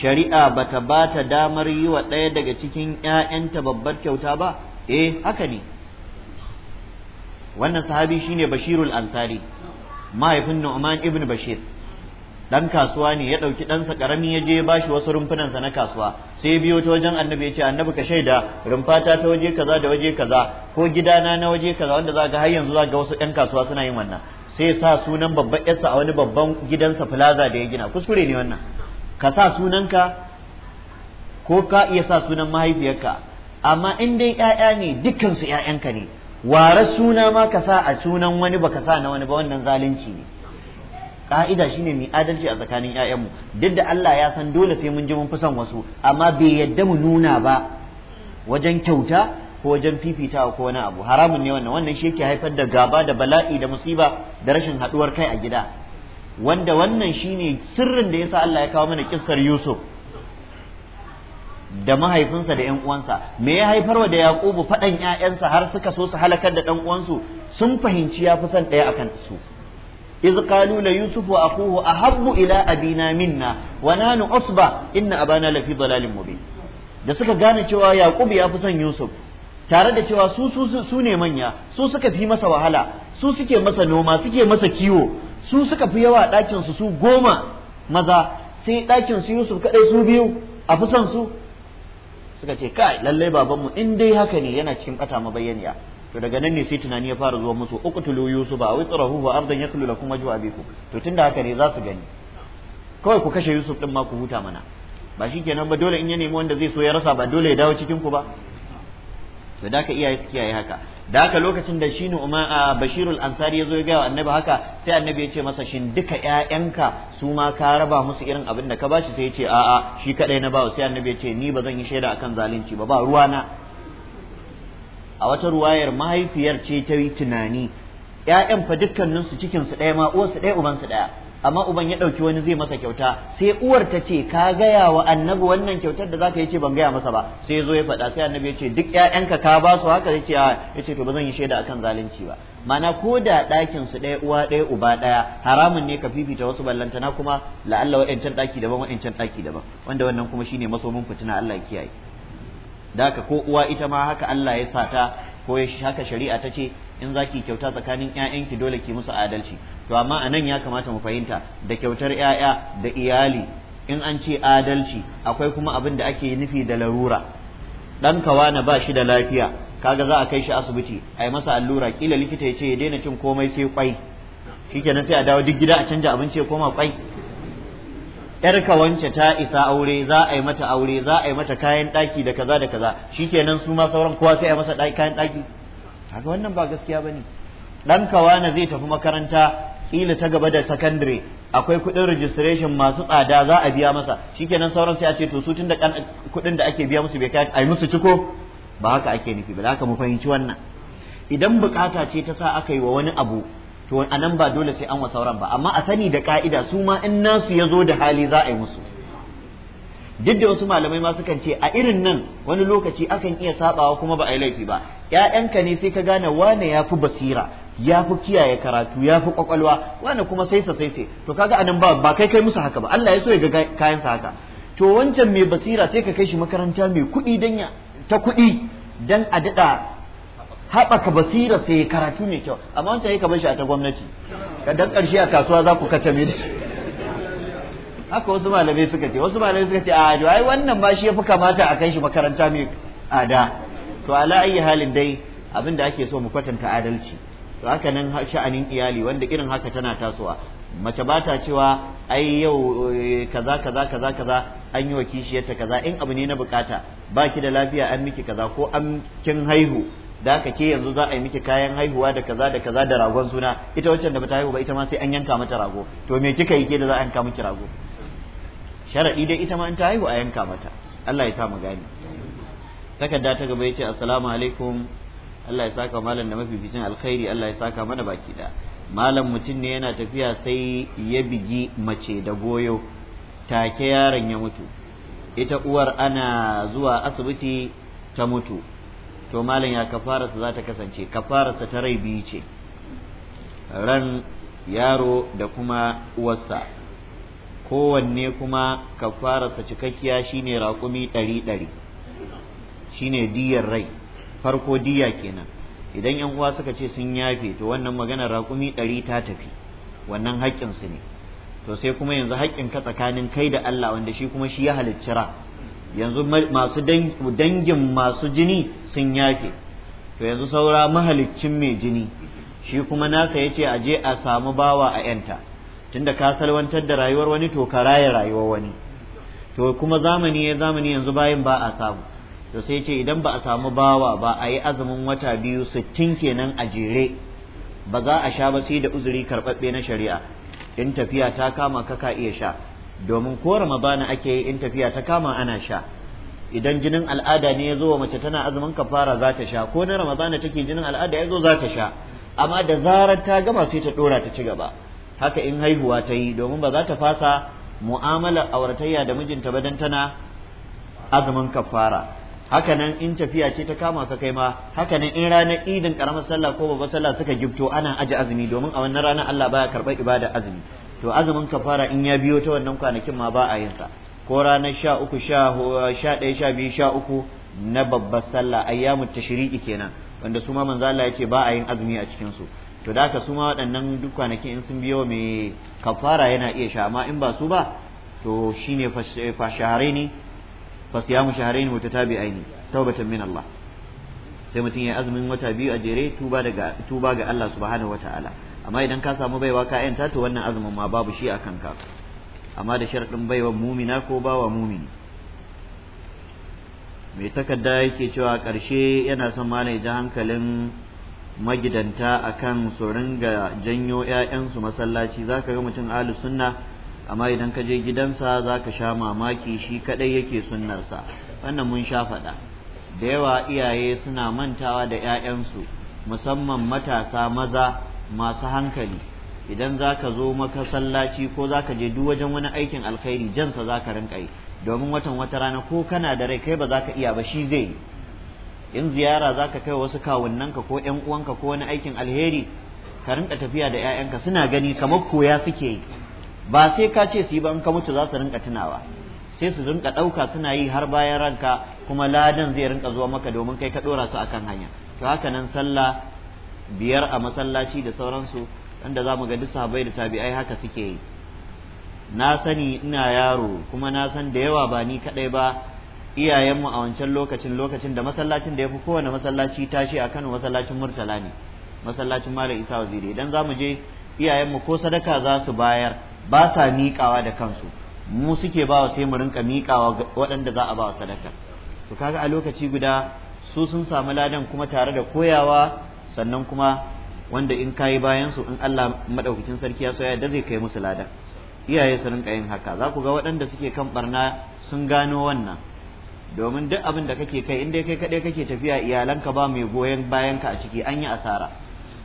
S1: shari'a bata ba ta damar yi wa ɗaya daga cikin ‘ya'yanta babbar kyauta ba eh haka ne wannan sahabi shine bashirul ansari mahaifin nu'man ibn bashir dan kasuwa ne ya ɗauki ɗansa ƙarami ya je ya bashi wasu rumfunansa na kasuwa sai ya biyo ta wajen annabi ya ce annabi ka shaida rumfata ta waje kaza da waje kaza ko gidana na waje kaza wanda za ga har yanzu za ga wasu ɗan kasuwa suna yin wannan sai sa sunan babban yarsa a wani babban gidansa plaza da ya gina kuskure ne wannan ka sa sunanka ko ka iya sa sunan mahaifiyarka amma in dai ƴaƴa ne dukkansu ƴaƴanka ne ware suna ma ka sa a sunan wani baka sa na wani ba wannan zalunci ne ka'ida shine mai adalci a tsakanin ƴaƴanmu duk da Allah ya san dole sai mun ji mun fi son wasu amma bai yadda mu nuna ba wajen kyauta ko wajen fifita ko wani abu haramun ne wannan wannan shi yake haifar da gaba da bala'i da musiba da rashin haɗuwar kai a gida wanda wannan shine sirrin da yasa Allah ya kawo mana kissar Yusuf da mahaifinsa da ƴan uwansa me ya haifar wa da Yakubu faɗan ƴaƴansa har suka so su halakar da ɗan uwansu sun fahimci ya fi son ɗaya akan su إذ قالوا ليوسف وأخوه أحب إلى أبينا منا ونحن أصبع إن أبانا لفي ضلال مبين da suka gane cewa Yaqub ya fi son Yusuf tare da cewa su su su ne manya su suka fi masa wahala su suke masa noma suke masa kiwo su suka fi yawa ɗakin su su goma maza sai ɗakin su Yusuf kadai su biyu a fi son su suka ce kai lallai babanmu in dai haka ne yana cikin ƙata mabayyaniya to daga nan ne sai tunani ya fara zuwa musu uqtulu yusufa aw itrahu wa ardan yaklu lakum wajhu abikum to tunda haka ne za su gani kawai ku kashe yusuf din ma ku huta mana ba shi kenan ba dole in ya nemi wanda zai so ya rasa ba dole ya dawo cikin ku ba to da ka iyaye su kiyaye haka da haka lokacin da shine umma bashirul ansari yazo ya ga annabi haka sai annabi ya ce masa shin duka ƴaƴanka su ma ka raba musu irin abin da ka bashi sai ya ce a'a shi kadai na bawa sai annabi ya ce ni ba zan yi shaida akan zalunci ba ba ruwana a wata ruwayar mahaifiyar ce ta yi tunani ‘ya'yan fa dukkaninsu cikinsu ɗaya ma uwarsu ɗaya ubansu ɗaya amma uban ya ɗauki wani zai masa kyauta sai uwar ta ce ka gaya wa annabi wannan kyautar da zaka yi ce ban gaya masa ba sai zo ya faɗa sai annabi ya ce duk ya'yanka ka ba su haka yace ah. ya ce to ba zan yi shaida akan zalunci ba mana ko da ɗakin su ɗaya uwa ɗaya uba ɗaya haramun ne ka fifita wasu ballantana kuma la'alla wa'ancan ɗaki daban wayancan ɗaki daban wanda wannan kuma shine masomin fitina Allah ya kiyaye da haka ko uwa ita ma haka Allah ya sa ta ko haka shari'a ta ce in za ki kyauta tsakanin 'ya'yanki dole ki musu adalci to amma a nan ya kamata mu fahimta da kyautar 'ya'ya da iyali in an ce adalci akwai kuma abin da ake nufi da larura Dan kawana ba shi da lafiya kaga za a kai shi asibiti a yi masa allura kila likita ya ce ya daina cin komai sai kwai shikenan sai a dawo duk gida a canja abinci ya koma kwai yarka wance ta isa aure za a yi mata aure za a yi mata kayan daki da kaza da kaza shikenan su ma sauran kowa sai a masa kayan daki kaga wannan ba gaskiya bane dan kawana zai tafi makaranta kila ta gaba da secondary akwai kuɗin registration masu tsada za a biya masa shikenan sauran sai a ce to su tun da kuɗin da ake biya musu bai kai a yi musu ciko ba haka ake nufi ba haka mu fahimci wannan idan bukata ce ta sa aka yi wa wani abu to a nan ba dole sai an wa sauran ba amma a sani da ka'ida su ma in nasu ya zo da hali za a yi musu duk da wasu malamai ma sukan ce a irin nan wani lokaci akan iya sabawa kuma ba a yi laifi ba ƴaƴanka ne sai ka gane wane ya fi basira ya fi kiyaye karatu ya fi kwakwalwa wane kuma sai sa sai sai to kaga anan ba ba kai kai musu haka ba Allah ya so ya ga kayan sa haka to wancan mai basira sai ka kai shi makaranta mai kuɗi dan ta kuɗi dan a daɗa haɓaka basira sai karatu mai kyau amma wancan yi kamar shi a ta gwamnati ka dan ƙarshe a kasuwa za ku katame mai haka wasu malamai suka ce wasu malamai suka ce a ai wannan ba shi ya fi kamata a kai shi makaranta mai ada to ala ayi halin dai abin da ake so mu kwatanta adalci to haka nan sha'anin iyali wanda irin haka tana tasowa mace ba ta cewa ai yau eh, kaza kaza kaza kaza an yi wa kishiyarta kaza in abu ne na bukata ba ki da lafiya an miki kaza ko an kin haihu da aka ke yanzu za a yi miki kayan haihuwa da kaza da kaza da ragon suna ita wacce da bata haihu ba ita ma sai an yanka mata rago to me kika yi ke da za a yanka miki rago sharadi dai ita ma in ta haihu a yanka mata Allah ya sa mu gane takarda ta gaba yace assalamu alaikum Allah ya saka malam da mafificin alkhairi Allah ya saka mana baki da malam mutum ne yana tafiya sai ya bigi mace da goyo take yaron ya mutu ita uwar ana zuwa asibiti ta mutu to malam ya kafararsa za ta kasance kafararsa ta rai biyu ce ran yaro da kuma uwarsa kowanne kuma kafararsa cikakkiya shine raƙumi ɗari ɗari shine diyar rai farko diya kenan idan yan uwa suka ce sun yafe to wannan maganar raƙumi ɗari ta tafi wannan haƙƙinsu ne to sai kuma yanzu haƙƙin ka tsakanin kai da Allah wanda shi kuma shi ya halicci ra yanzu masu dangin masu jini sun yake. to yanzu saura mahaliccin mai jini shi kuma nasa ya ce a je a samu bawa a yanta tunda ka salwantar da rayuwar wani to ka raya rayuwar wani to kuma zamani ya zamani yanzu bayan ba a samu to sai ce idan ba a samu bawa ba a yi azumin wata biyu sittin kenan a jere ba za a sha ba sai da uzuri karɓaɓɓe na shari'a in tafiya ta kama ka ka iya sha domin ko ramadana ake yi in tafiya ta kama ana sha idan jinin al'ada ne ya zo wa mace tana azumin kafara za ta sha ko na ramadana take jinin al'ada ya zo za ta sha amma da zarar ta gama sai ta dora ta ci gaba haka in haihuwa ta yi domin ba za ta fasa mu'amalar auratayya da mijinta ba dan tana azumin kafara hakanan in tafiya ce ta kama ka kai ma hakanan in ranar idin karamar sallah ko babbar sallah suka gifto ana aji azumi domin a wannan rana Allah baya karɓar ibada azumi to azumin kafara in ya biyo ta wannan kwanakin ma ba a yin sa ko ranar sha uku sha ɗaya sha biyu sha uku na babbar sallah ayyamut tashriqi kenan wanda su ma manzo Allah yace ba a yin azumi a cikin su to da haka su ma waɗannan duk kwanakin in sun biyo mai kafara yana iya sha amma in ba su ba to shine fa shahraini fa siyamu shahraini mutatabi'aini tawbatan min Allah sai mutum ya azumin wata biyu a jere tuba daga tuba ga Allah subhanahu wataala amma idan ka samu baiwa ka yanta to wannan azumin ma babu shi a kanka amma da sharaɗin baiwa mumina ko bawa mumini mai takarda yake cewa ƙarshe yana son manaja ji hankalin magidanta akan su ga janyo 'ya'yansu masallaci za ka ga mutum ahli sunna amma idan ka je gidansa za ka sha mamaki shi kaɗai yake sunnarsa wannan mun sha faɗa da yawa iyaye suna mantawa da 'ya'yansu musamman matasa maza masu hankali idan za ka zo maka sallaci ko za ka je duk wajen wani aikin alkhairi jansa za ka rinka yi domin watan wata rana ko kana da rai kai ba za ka iya ba shi zai yi in ziyara za ka kai wasu kawunanka ko yan uwanka ko wani aikin alheri ka rinka tafiya da ƴaƴanka suna gani kamar koya suke yi ba sai ka ce su yi ba in ka mutu za su rinka tunawa sai su rinka ɗauka suna yi har bayan ranka kuma ladan zai rinka zuwa maka domin kai ka ɗora su akan hanya to haka sallah biyar a masallaci da sauransu wanda za mu ga duk sahabbai da tabi'ai haka suke yi na sani ina yaro kuma na san da yawa ba ni kadai ba iyayenmu a wancan lokacin lokacin da masallacin da ya fi kowane masallaci tashi a kano masallacin murtala ne masallacin malam isa waziri idan za mu je iyayenmu ko sadaka za su bayar ba sa miƙawa da kansu mu suke ba wa sai mu rinka miƙawa waɗanda za a ba wa sadaka to kaga a lokaci guda su sun samu ladan kuma tare da koyawa sannan kuma wanda in kayi bayan su in Allah madaukakin sarki ya so ya da zai kai musu lada iyaye su rinka yin haka za ku ga waɗanda suke kan barna sun gano wannan domin duk abin da kake kai in dai kai kaɗai kake tafiya iyalanka ba mai goyon bayanka a ciki an yi asara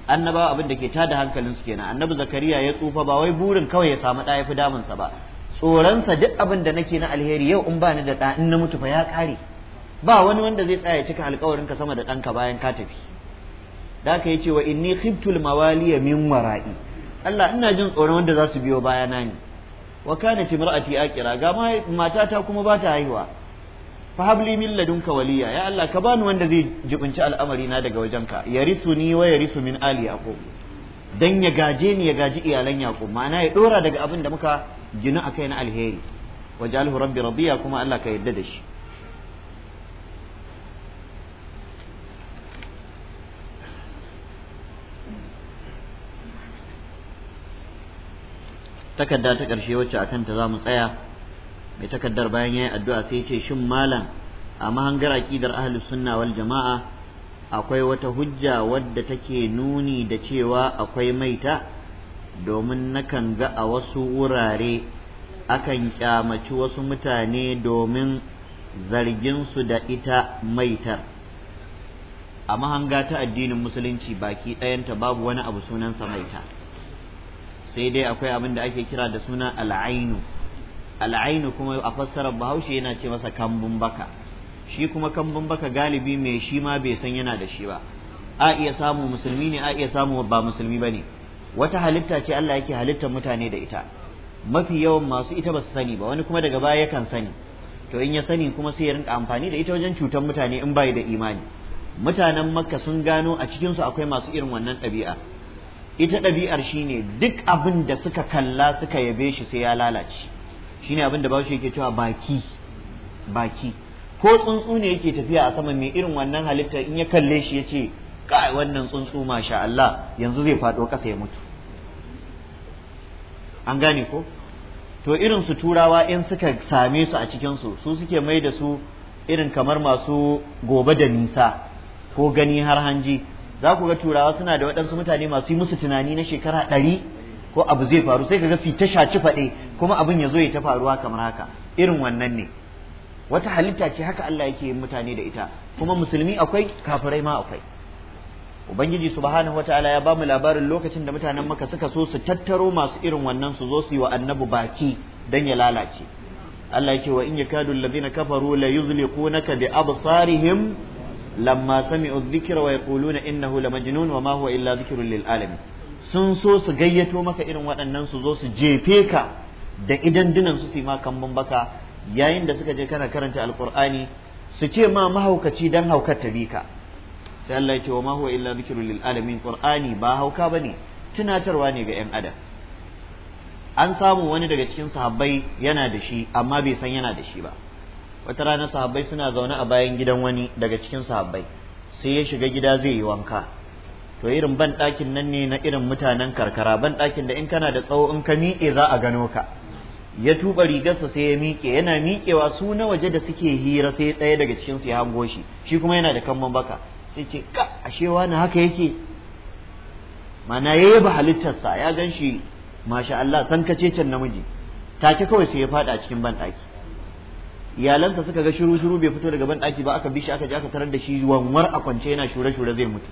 S1: annabawa abin da ke tada hankalin su kenan annabi zakariya ya tsufa ba wai burin kawai ya samu ɗaya fi damunsa ba tsoronsa duk abin da nake na alheri yau in bani da ɗa in na mutu fa ya ƙare ba wani wanda zai tsaya cika alƙawarin ka sama da ɗanka bayan ka tafi da aka yace wa inni khiftul mawaliya min wara'i Allah ina jin tsoron wanda za su biyo bayana ni. wa kana timra'ati akira. ga matata kuma ba ta haihuwa fa habli min ladunka waliya ya Allah ka bani wanda zai jibinci al'amari na daga wajenka ni wa yarisu min ali yaqub dan ya gaje ni ya gaji iyalan yaqub ma'ana ya dora daga abin da muka gina akai na alheri wajalhu rabbi radiya kuma Allah ka yadda da shi takarda ta ƙarshe wacce a kanta za mu tsaya mai takardar bayan ya yi addu'a sai ce shin malam a mahangar aƙidar ahalus sunna wal jama'a akwai wata hujja wadda take nuni da cewa akwai maita domin nakan ga a wasu wurare akan kyamaci wasu mutane domin zarginsu da ita maitar a mahanga ta addinin musulunci baki ɗayanta babu wani abu sunansa maita sai dai akwai abin da ake kira da suna al'ainu al'ainu kuma a fassarar bahaushe yana ce masa kambun baka shi kuma kambun baka galibi mai shi ma bai san yana da shi ba a iya samu musulmi ne a iya samu ba musulmi ba ne wata halitta ce Allah yake halittar mutane da ita mafi yawan masu ita ba su sani ba wani kuma daga baya yakan sani to in ya sani kuma sai ya rinka amfani da ita wajen cutar mutane in bai da imani mutanen makka sun gano a cikinsu akwai masu irin wannan ɗabi'a ita ɗabi'ar shi ne duk abin da suka kalla suka yabe shi sai ya lalace shi ne abin da bashi yake cewa baki baki ko tsuntsu ne yake tafiya a sama mai irin wannan halitta in ya kalle shi ya ce kai wannan tsuntsu masha Allah yanzu zai faɗo ƙasa ya mutu an gane ko to irin su turawa in suka same su a cikin su su suke mai da su irin kamar masu gobe da nisa ko gani har hanji za ku ga turawa suna da waɗansu mutane masu yi musu tunani na shekara ɗari ko abu zai faru sai ka ga fita shaci faɗe kuma abin ya zo ya ta faruwa kamar haka irin wannan ne wata halitta ce haka Allah yake yin mutane da ita kuma musulmi akwai kafirai ma akwai ubangiji subhanahu wataala ya ba mu labarin lokacin da mutanen maka suka so su tattaro masu irin wannan su zo su yi wa annabi baki dan ya lalace Allah yake wa in yakadu alladhina kafaru la yuzliqunaka bi absarihim lamma sami'u dhikra wa yaquluna innahu lamajnun wa ma illa sun so su gayyato maka irin waɗannan su zo su jefe ka da idan dinan su ma kambun baka yayin da suka je kana karanta Alƙur'ani su ce ma mahaukaci dan haukar ta bi ka sai Allah ya ce wa ma illa dhikrun lil alamin qur'ani ba hauka bane tunatarwa ne ga yan adam an samu wani daga cikin sahabbai yana da shi amma bai san yana da shi ba wata rana sahabbai suna zaune a bayan gidan wani daga cikin sahabbai sai ya shiga gida zai yi wanka to irin ban ɗakin nan ne na irin mutanen karkara ban ɗakin da in kana da tsawo in ka miƙe za a gano ka ya tuba rigarsa sai ya miƙe yana miƙewa su na waje da suke hira sai ɗaya daga cikin su ya hango shi shi kuma yana da kamman baka sai ce ka ashe wani haka yake mana ya yaba halittarsa ya gan shi masha Allah san kace can namiji take kawai sai ya faɗa cikin ban ɗaki iyalansa suka ga shiru shiru bai fito daga banɗaki ba aka bi shi aka je aka tarar da shi wanwar a kwance yana shure shure zai mutu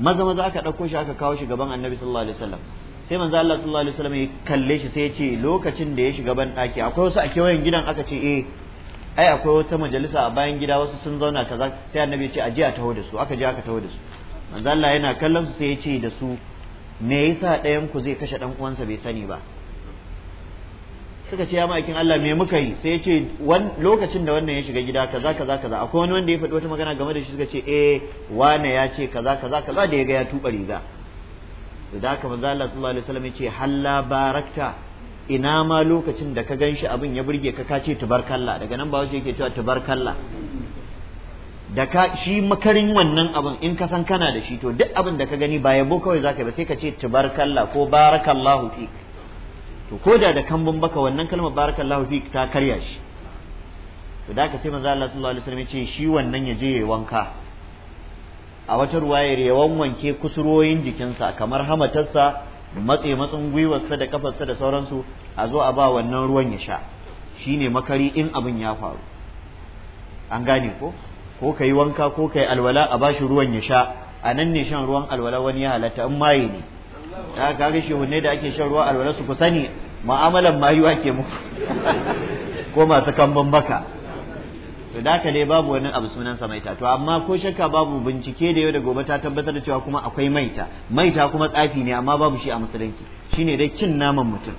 S1: maza maza aka ɗauko shi aka kawo shi gaban annabi sallallahu alaihi wasallam sai manzo Allah sallallahu alaihi wasallam ya kalle shi sai ya ce lokacin da ya shiga banɗaki akwai wasu a kewayen gidan aka ce eh ai akwai wata majalisa a bayan gida wasu sun zauna kaza sai annabi ya ce aje a taho da su aka je aka taho da su manzo Allah yana kallon su sai ya ce da su me yasa ɗayan ku zai kashe dan uwansa bai sani ba suka ce ya ma'aikin Allah me muka yi sai ya ce lokacin da wannan ya shiga gida kaza kaza kaza akwai wani wanda ya faɗi wata magana game da shi suka ce eh wane ya ce kaza kaza kaza da ya ga ya tuba riga da haka manzo Allah sallallahu alaihi wasallam ya ce halla barakta ina ma lokacin da ka ganshi abin ya burge ka kace tubarkalla daga nan ba wace yake cewa tubarkalla da ka shi makarin wannan abin in ka san kana da shi to duk abin da ka gani ba yabo kawai zaka ba sai ka ce tubarkalla ko barakallahu fik to ko da da kambun baka wannan kalmar barakallahu fi ta karya shi to da ka sai manzo Allah sallallahu alaihi wasallam ya shi wannan ya je ya wanka a wata ruwayar ya wanwanke kusuroyin jikinsa kamar hamatarsa matse matsin gwiwarsa da kafarsa da sauransu a zo a ba wannan ruwan ya sha shine makari in abin ya faru an gane ko ko kai wanka ko kai alwala a bashi ruwan ya sha a nan ne shan ruwan alwala wani ya halatta in maye ne ya kaga hunne da ake shan ruwa alwala su ku sani mu'amalan mayuwa ke muku
S3: *laughs*
S1: ko masu kamban baka to da ka dai babu wani abu sunan sa maita to amma ko shakka babu bincike da yau da gobe ta tabbatar da cewa kuma akwai maita maita kuma tsafi ne amma babu shi a musulunci shine dai cin naman mutum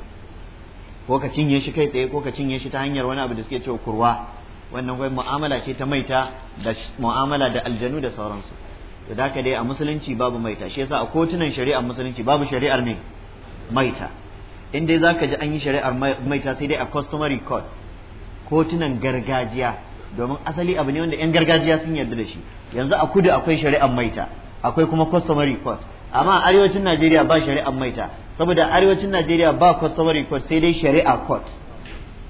S1: ko ka cinye shi kai tsaye ko ka cinye shi ta hanyar wani abu da suke cewa kurwa wannan gwai mu'amala ce ta maita da mu'amala da aljanu da sauransu to da ka dai a musulunci babu maita shi yasa a kotunan shari'ar musulunci babu shari'ar ne maita in dai zaka ji an yi shari'ar maita sai dai a customary court kotunan gargajiya domin asali abu ne wanda yan gargajiya sun yarda da shi yanzu a kudu akwai shari'ar maita akwai kuma customary court amma a arewacin Najeriya ba shari'ar maita saboda arewacin Najeriya ba customary court sai dai shari'a court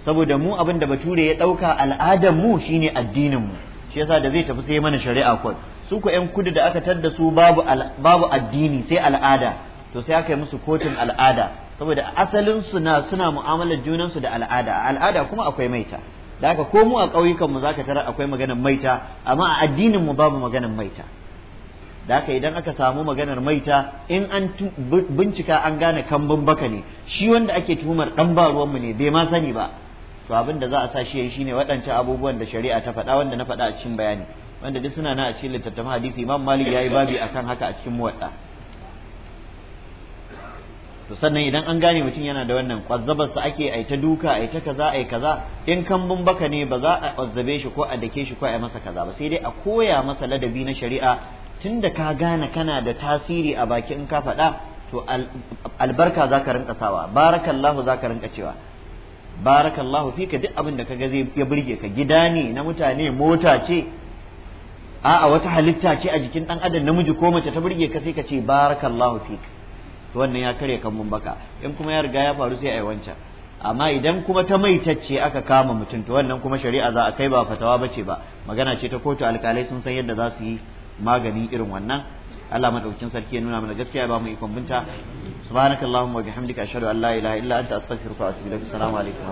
S1: saboda mu abin da bature ya ɗauka al'adar mu shine addinin mu shi yasa da zai tafi sai mana shari'a court su ku yan kudu da aka tadda su babu babu addini sai al'ada to sai aka yi musu kotun al'ada saboda asalin su na suna mu'amalar junansu da al'ada al'ada kuma akwai maita da haka ko mu a ƙauyukan mu zaka tarar akwai maganar maita amma a addinin mu babu maganar maita da haka idan aka samu maganar maita in an bincika an gane kambun baka ne shi wanda ake tuhumar dan ba ruwanmu ne bai ma sani ba to abin da za a sa shi yayi shine waɗancan abubuwan da shari'a ta faɗa wanda na faɗa a cikin bayani wanda duk suna na a cikin littattafan hadisi imam malik yayi babi akan haka a cikin muwatta to sannan idan an gane mutum yana da wannan kwazzabar sa ake ai ta duka ai ta kaza ai kaza in kambun baka ne ba za a kwazzabe shi ko a dake shi ko a yi masa kaza ba sai dai a koya masa ladabi na shari'a tunda ka gane kana da tasiri a baki in ka faɗa to albarka za ka rinka sawa barakallahu za ka rinka cewa barakallahu fika duk abin da ka ga zai ya burge ka gida ne na mutane mota ce a'a wata halitta ce a jikin dan adam namiji ko mace ta burge ka sai ka ce barakallahu fik wannan ya kare kan mun baka in kuma ya riga ya faru sai ai wancan amma idan kuma ta maitacce aka kama mutum to wannan kuma shari'a za a kai ba fatawa bace ba magana ce ta kotu alkalai sun san yadda za su yi magani irin wannan Allah madaukakin sarki ya nuna mana gaskiya ba mu ikon binta subhanakallahumma wa bihamdika ashhadu an la ilaha illa anta astaghfiruka wa atubu ilaik assalamu alaikum